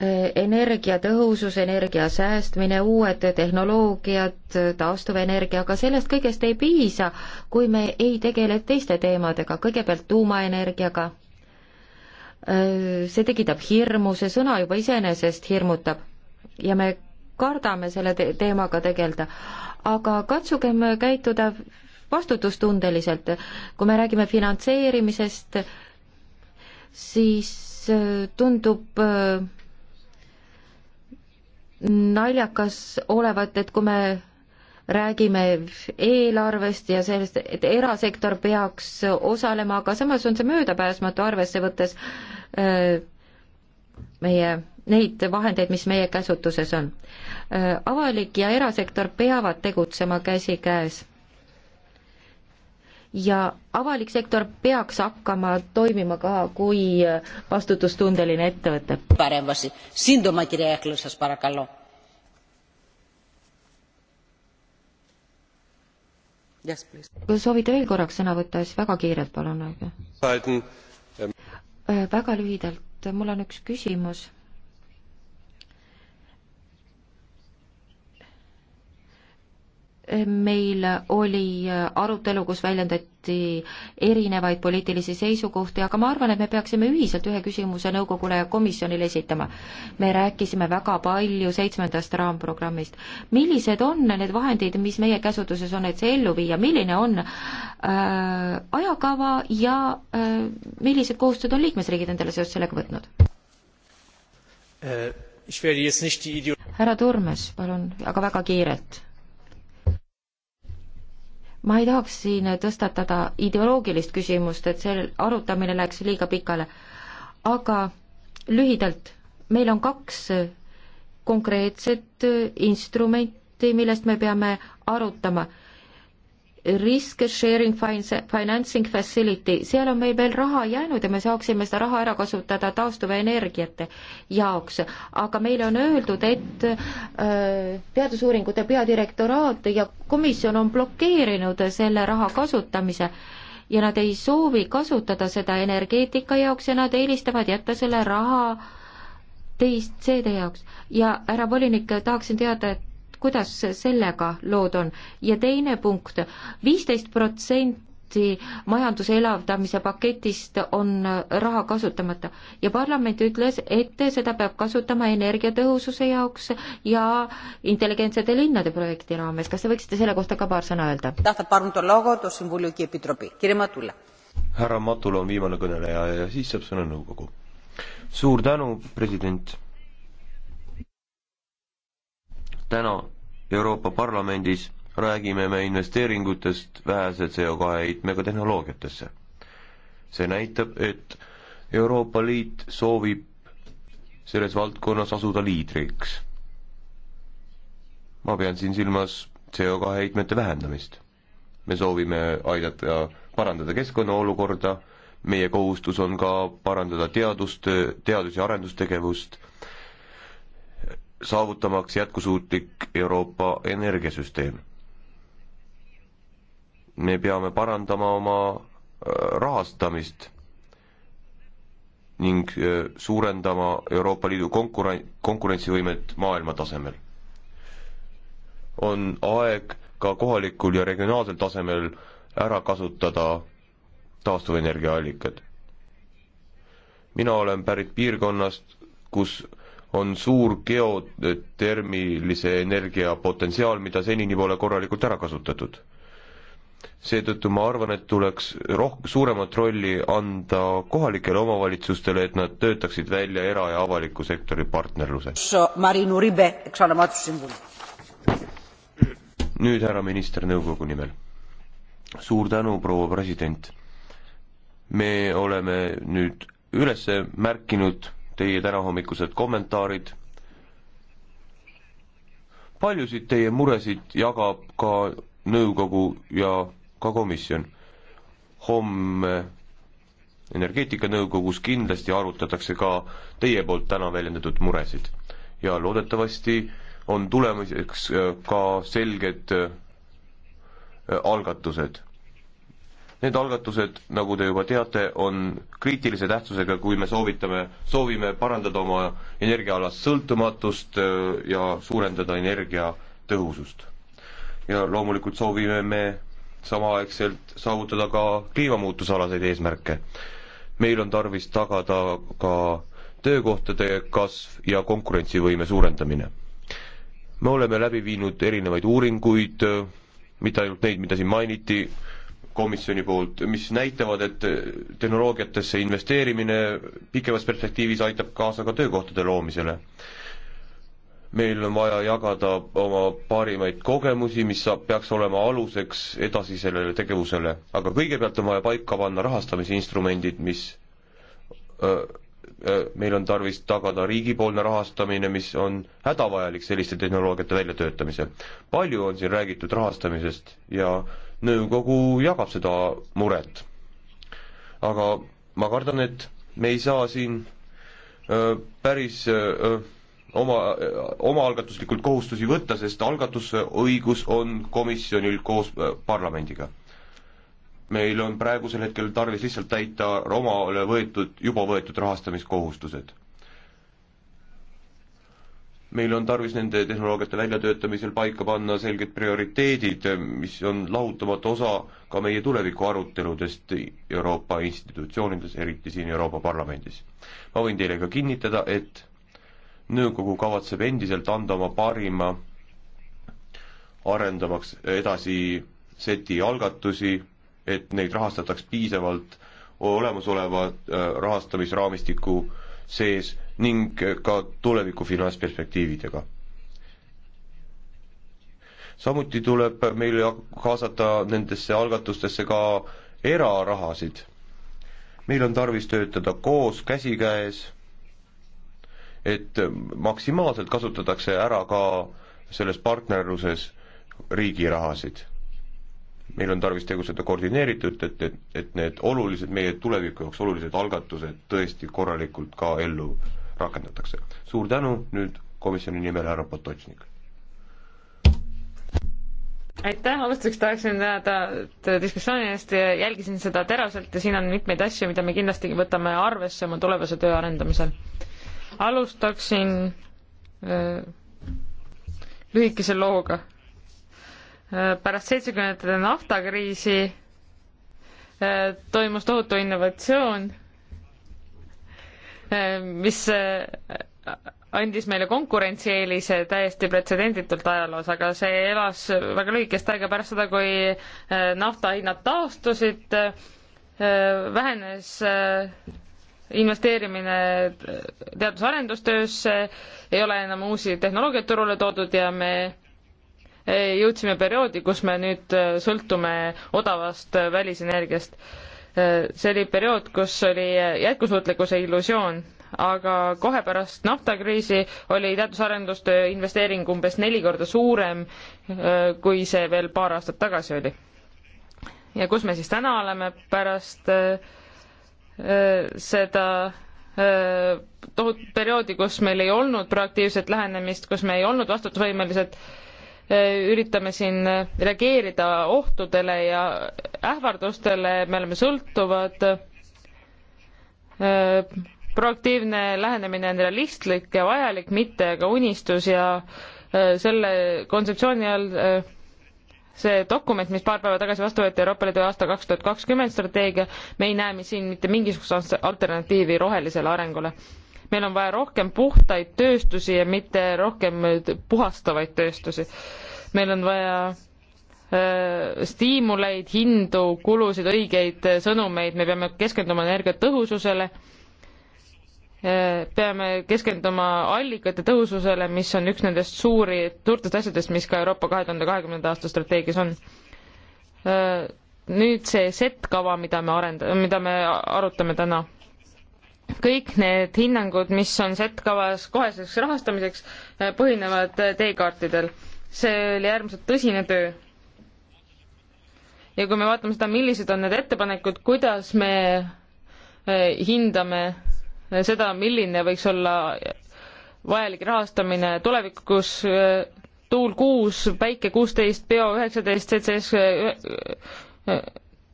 Speaker 2: energiatõhusus, energia säästmine, uued tehnoloogiad, taastuvenergia, aga sellest kõigest ei piisa, kui me ei tegele teiste teemadega, kõigepealt tuumaenergiaga. Äh, see tekitab hirmu, see sõna juba iseenesest hirmutab ja me kardame selle te teemaga tegeleda, aga katsugem käituda vastutustundeliselt, kui me räägime finantseerimisest, siis äh, tundub äh, naljakas olevat, et kui me räägime eelarvest ja sellest, et erasektor peaks osalema, aga samas on see möödapääsmatu, arvesse võttes äh, meie, neid vahendeid, mis meie käsutuses on. Äh, avalik ja erasektor peavad tegutsema käsikäes ja avalik sektor peaks hakkama toimima ka kui vastutustundeline ettevõte. paremasi, sinduma kirja Eklõsas, parakallo. kui soovite veel korraks sõna võtta, siis väga kiirelt, palun. Äh, väga lühidalt, mul on üks küsimus meil oli arutelu, kus väljendati erinevaid poliitilisi seisukohti, aga ma arvan, et me peaksime ühiselt ühe küsimuse nõukogule ja komisjonile esitama. me rääkisime väga palju seitsmendast raamprogrammist. millised on need vahendid, mis meie käsutuses on, et see ellu viia, milline on äh, ajakava ja äh, millised kohustused on liikmesriigid endale seoses sellega võtnud
Speaker 1: äh,?
Speaker 2: härra Turmes, palun, aga väga kiirelt ma ei tahaks siin tõstatada ideoloogilist küsimust, et see arutamine läheks liiga pikale, aga lühidalt, meil on kaks konkreetset instrumenti, millest me peame arutama risk sharing financing facility, seal on meil veel raha jäänud ja me saaksime seda raha ära kasutada taastuvenergiate jaoks, aga meile on öeldud, et äh, teadusuuringute peadirektoraat ja komisjon on blokeerinud selle raha kasutamise ja nad ei soovi kasutada seda energeetika jaoks ja nad eelistavad jätta selle raha teist seede jaoks. ja härra volinik, tahaksin teada, et kuidas sellega lood on? ja teine punkt, viisteist protsenti majanduse elavdamise paketist on raha kasutamata ja parlament ütles, et seda peab kasutama energiatõhususe jaoks ja intelligentsete linnade projekti raames. kas te võiksite selle kohta ka paar sõna öelda?
Speaker 1: härra Matula on viimane kõneleja ja siis saab sõna nõukogu. suur tänu, president täna Euroopa Parlamendis räägime me investeeringutest vähese CO2 heitmega tehnoloogiatesse. see näitab, et Euroopa Liit soovib selles valdkonnas asuda liidriks. ma pean siin silmas CO2 heitmete vähendamist. me soovime aidata parandada keskkonna olukorda, meie kohustus on ka parandada teadust, teadus- ja arendustegevust saavutamaks jätkusuutlik Euroopa energiasüsteem. me peame parandama oma äh, rahastamist ning äh, suurendama Euroopa Liidu konkuren-, konkurentsivõimet maailma tasemel. on aeg ka kohalikul ja regionaalsel tasemel ära kasutada taastuvenergia allikad. mina olen pärit piirkonnast, kus on suur geotermilise energia potentsiaal, mida senini pole korralikult ära kasutatud. seetõttu ma arvan, et tuleks roh-, suuremat rolli anda kohalikele omavalitsustele, et nad töötaksid välja era- ja avaliku sektori partnerluse. nüüd härra minister nõukogu nimel. suur tänu, proua president. me oleme nüüd üles märkinud teie tänahommikused kommentaarid. paljusid teie muresid jagab ka nõukogu ja ka komisjon. homme energeetikanõukogus kindlasti arutatakse ka teie poolt täna väljendatud muresid ja loodetavasti on tulemiseks äh, ka selged äh, algatused Need algatused, nagu te juba teate, on kriitilise tähtsusega, kui me soovitame, soovime parandada oma energiaalast sõltumatust äh, ja suurendada energiatõhusust. ja loomulikult soovime me samaaegselt saavutada ka kliimamuutusalaseid eesmärke. meil on tarvis tagada ka töökohtade kasv ja konkurentsivõime suurendamine. me oleme läbi viinud erinevaid uuringuid, äh, mitte ainult neid, mida siin mainiti, komisjoni poolt, mis näitavad, et tehnoloogiatesse investeerimine pikemas perspektiivis aitab kaasa ka töökohtade loomisele. meil on vaja jagada oma parimaid kogemusi, mis saab, peaks olema aluseks edasisele tegevusele, aga kõigepealt on vaja paika panna rahastamise instrumendid, mis öö, öö, meil on tarvis tagada riigipoolne rahastamine, mis on hädavajalik selliste tehnoloogiate väljatöötamisel. palju on siin räägitud rahastamisest ja nõukogu jagab seda muret. aga ma kardan, et me ei saa siin öö, päris öö, oma, omaalgatuslikult kohustusi võtta, sest algatusõigus on komisjonil koos parlamendiga. meil on praegusel hetkel tarvis lihtsalt täita omale võetud, juba võetud rahastamiskohustused meil on tarvis nende tehnoloogiate väljatöötamisel paika panna selged prioriteedid, mis on lahutamatu osa ka meie tuleviku aruteludest Euroopa institutsioonides, eriti siin Euroopa Parlamendis. ma võin teile ka kinnitada, et nõukogu kavatseb endiselt anda oma parima arendamaks edasi seti algatusi, et neid rahastataks piisavalt olemasoleva äh, rahastamisraamistiku sees ning ka tuleviku finantsperspektiividega. samuti tuleb meil kaasata nendesse algatustesse ka erarahasid. meil on tarvis töötada koos, käsikäes, et maksimaalselt kasutatakse ära ka selles partnerluses riigi rahasid meil on tarvis tegutseda koordineeritult, et, et, et need olulised, meie tuleviku jaoks olulised algatused tõesti korralikult ka ellu rakendatakse. suur tänu, nüüd komisjoni nimel härra Potočnik.
Speaker 3: aitäh, alustuseks tahaksin tänada diskussiooni eest, jälgisin seda teraselt ja siin on mitmeid asju, mida me kindlasti võtame arvesse oma tulevase töö arendamisel. alustaksin öö, äh, lühikese looga. Äh, pärast seitsmekümnendate naftakriisi äh, toimus tohutu innovatsioon mis äh, andis meile konkurentsieelise täiesti pretsedenditult ajaloos, aga see elas väga lühikest aega pärast seda, kui äh, naftahinnad taastusid, äh, vähenes investeerimine teadus-arendustöösse, ei ole enam uusi tehnoloogiaid turule toodud ja me jõudsime perioodi, kus me nüüd sõltume odavast välisenergiast see oli periood, kus oli jätkusuutlikkuse illusioon, aga kohe pärast naftakriisi oli teadus-arendustöö investeering umbes neli korda suurem, kui see veel paar aastat tagasi oli. ja kus me siis täna oleme pärast äh, äh, seda äh, tohut- perioodi, kus meil ei olnud proaktiivset lähenemist, kus me ei olnud vastutusvõimelised Äh, üritame siin äh, reageerida ohtudele ja ähvardustele, me oleme sõltuvad. Äh, proaktiivne lähenemine on realistlik ja vajalik, mitte aga unistus ja selle kontseptsiooni all see dokument, mis paar päeva tagasi vastu võeti, Euroopa Liidu aasta kaks tuhat kakskümmend strateegia, me ei näe siin mitte mingisugust alternatiivi rohelisele arengule meil on vaja rohkem puhtaid tööstusi ja mitte rohkem puhastavaid tööstusi. meil on vaja äh, stiimuleid, hindu, kulusid, õigeid äh, sõnumeid, me peame keskenduma energiatõhususele, äh, peame keskenduma allikate tõhususele, mis on üks nendest suuri, suurtest asjadest, mis ka Euroopa kahe tuhande kahekümnenda aasta strateegias on. nüüd see set kava, mida me arend-, mida me arutame täna kõik need hinnangud, mis on setkavas koheseks rahastamiseks, eh, põhinevad eh, teekaartidel. see oli äärmiselt tõsine töö. ja kui me vaatame seda, millised on need ettepanekud, kuidas me eh, hindame seda, milline võiks olla vajalik rahastamine tulevikus, tuul kuus, päike kuusteist, bio üheksateist, CCS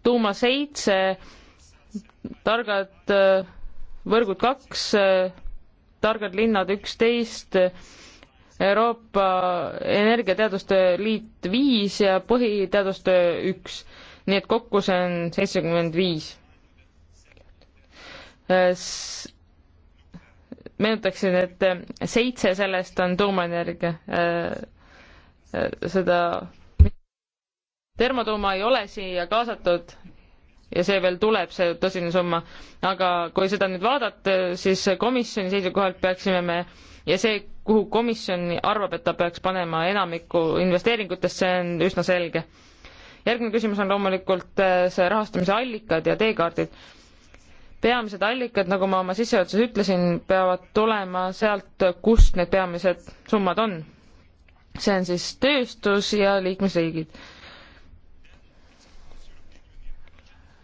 Speaker 3: tuuma seitse, targad võrgud kaks, äh, targad linnad üksteist, Euroopa Energiateaduste Liit viis ja põhiteaduste üks. nii et kokku see on seitsekümmend viis. Äh, meenutaksin, et äh, seitse sellest on tuumaenergia. seda termotuuma ei ole siia kaasatud ja see veel tuleb, see tõsine summa. aga kui seda nüüd vaadata, siis komisjoni seisukohalt peaksime me ja see, kuhu komisjon arvab, et ta peaks panema enamiku investeeringutest, see on üsna selge. järgmine küsimus on loomulikult äh, see rahastamise allikad ja teekaardid. peamised allikad, nagu ma oma sissejuhatuses ütlesin, peavad tulema sealt, kust need peamised summad on. see on siis tööstus ja liikmesriigid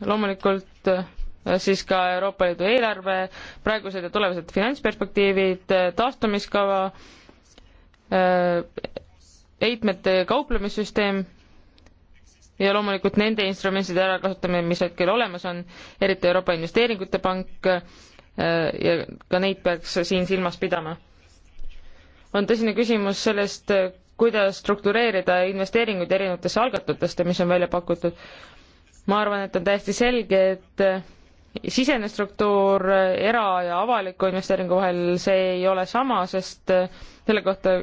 Speaker 3: loomulikult äh, siis ka Euroopa Liidu eelarve, praegused ja tulevased finantsperspektiivid, äh, taastumiskava, äh, heitmete kauplemissüsteem ja loomulikult nende instrumentside ärakasutamine, mis hetkel olemas on, eriti Euroopa Investeeringute Pank ja ka neid peaks siin silmas pidama. on tõsine küsimus sellest, kuidas struktureerida investeeringuid erinevatesse algatutesse, mis on välja pakutud ma arvan, et on täiesti selge, et sisene struktuur era- ja avaliku investeeringu vahel, see ei ole sama, sest eh, selle kohta,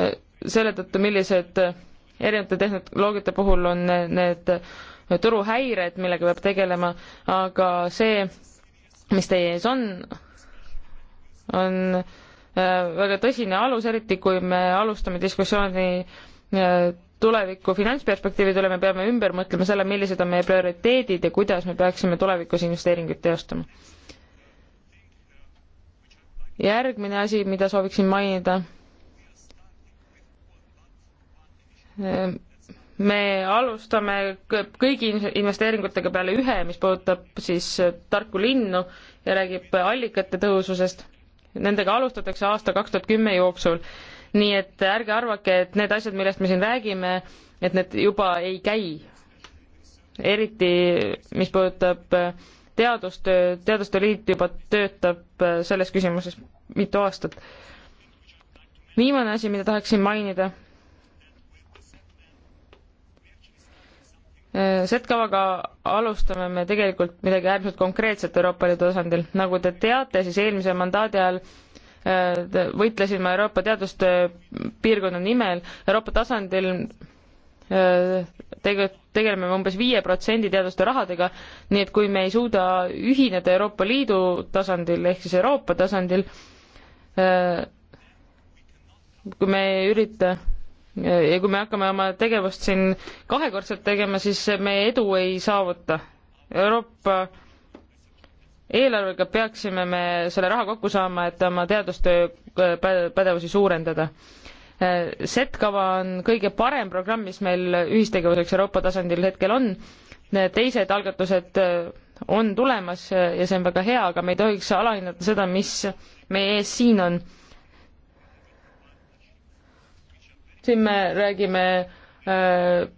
Speaker 3: eh, selle tõttu, millised eh, erinevate tehnoloogiate puhul on need turuhäired, millega peab tegelema, aga see, mis teie ees on, on väga tõsine alus, eriti kui me alustame diskussiooni tuleviku finantsperspektiivi üle me peame ümber mõtlema selle, millised on meie prioriteedid ja kuidas me peaksime tulevikus investeeringuid teostama. järgmine asi, mida sooviksin mainida. me alustame kõigi investeeringutega peale ühe, mis puudutab siis tarku linnu ja räägib allikate tõhususest. Nendega alustatakse aasta kaks tuhat kümme jooksul nii et ärge arvake, et need asjad, millest me siin räägime, et need juba ei käi. eriti, mis puudutab äh, teadustöö, Teaduste Liit juba töötab äh, selles küsimuses mitu aastat. viimane asi, mida tahaksin mainida. Äh, Z-kavaga alustame me tegelikult midagi äärmiselt konkreetset Euroopa Liidu tasandil. nagu te teate, siis eelmise mandaadi ajal Äh, võitlesin ma Euroopa teaduste piirkonna nimel Euroopa tasandil äh, tege-, tegeleme umbes viie protsendi teaduste rahadega, nii et kui me ei suuda ühineda Euroopa Liidu tasandil ehk siis Euroopa tasandil, äh, kui me ei ürita ja kui me hakkame oma tegevust siin kahekordselt tegema, siis me edu ei saavuta. Euroopa eelarvega peaksime me selle raha kokku saama, et oma teadustöö äh, pädevusi suurendada. SET-kava äh, on kõige parem programm, mis meil ühistegevuseks Euroopa tasandil hetkel on. teised algatused äh, on tulemas ja see on väga hea, aga me ei tohiks alahinnata seda, mis meie ees siin on. siin me räägime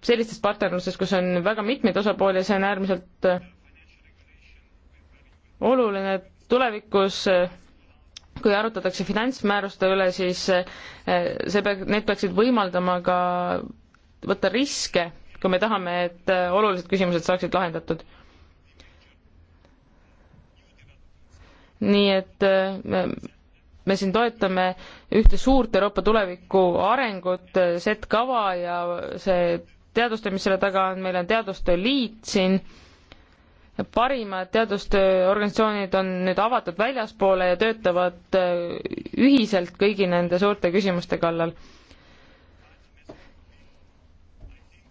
Speaker 3: sellistest partnerlusest, kus on väga mitmeid osapooli ja see on äärmiselt oluline tulevikus kui arutatakse finantsmääruste üle, siis eh, see peab, need peaksid võimaldama ka võtta riske, kui me tahame, et eh, olulised küsimused saaksid lahendatud. nii et eh, me, me siin toetame ühte suurt Euroopa tuleviku arengut, set kava ja see teadustöö, mis selle taga on, meil on teadustöö liit siin parimad teadustöö organisatsioonid on nüüd avatud väljaspoole ja töötavad äh, ühiselt kõigi nende suurte küsimuste kallal.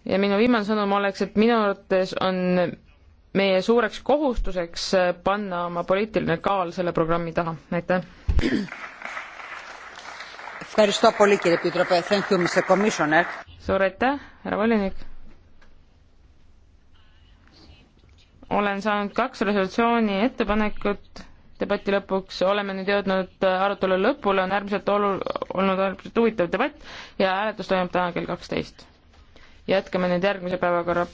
Speaker 3: ja minu viimane sõnum oleks, et minu arvates on meie suureks kohustuseks äh, panna oma poliitiline kaal selle programmi taha, aitäh. suur aitäh, härra volinik olen saanud kaks resolutsiooni ettepanekut debati lõpuks, oleme nüüd jõudnud arutelu lõpule, on äärmiselt olu-, olnud äärmiselt huvitav debatt ja hääletus toimub täna kell kaksteist. jätkame nüüd järgmise päevakorra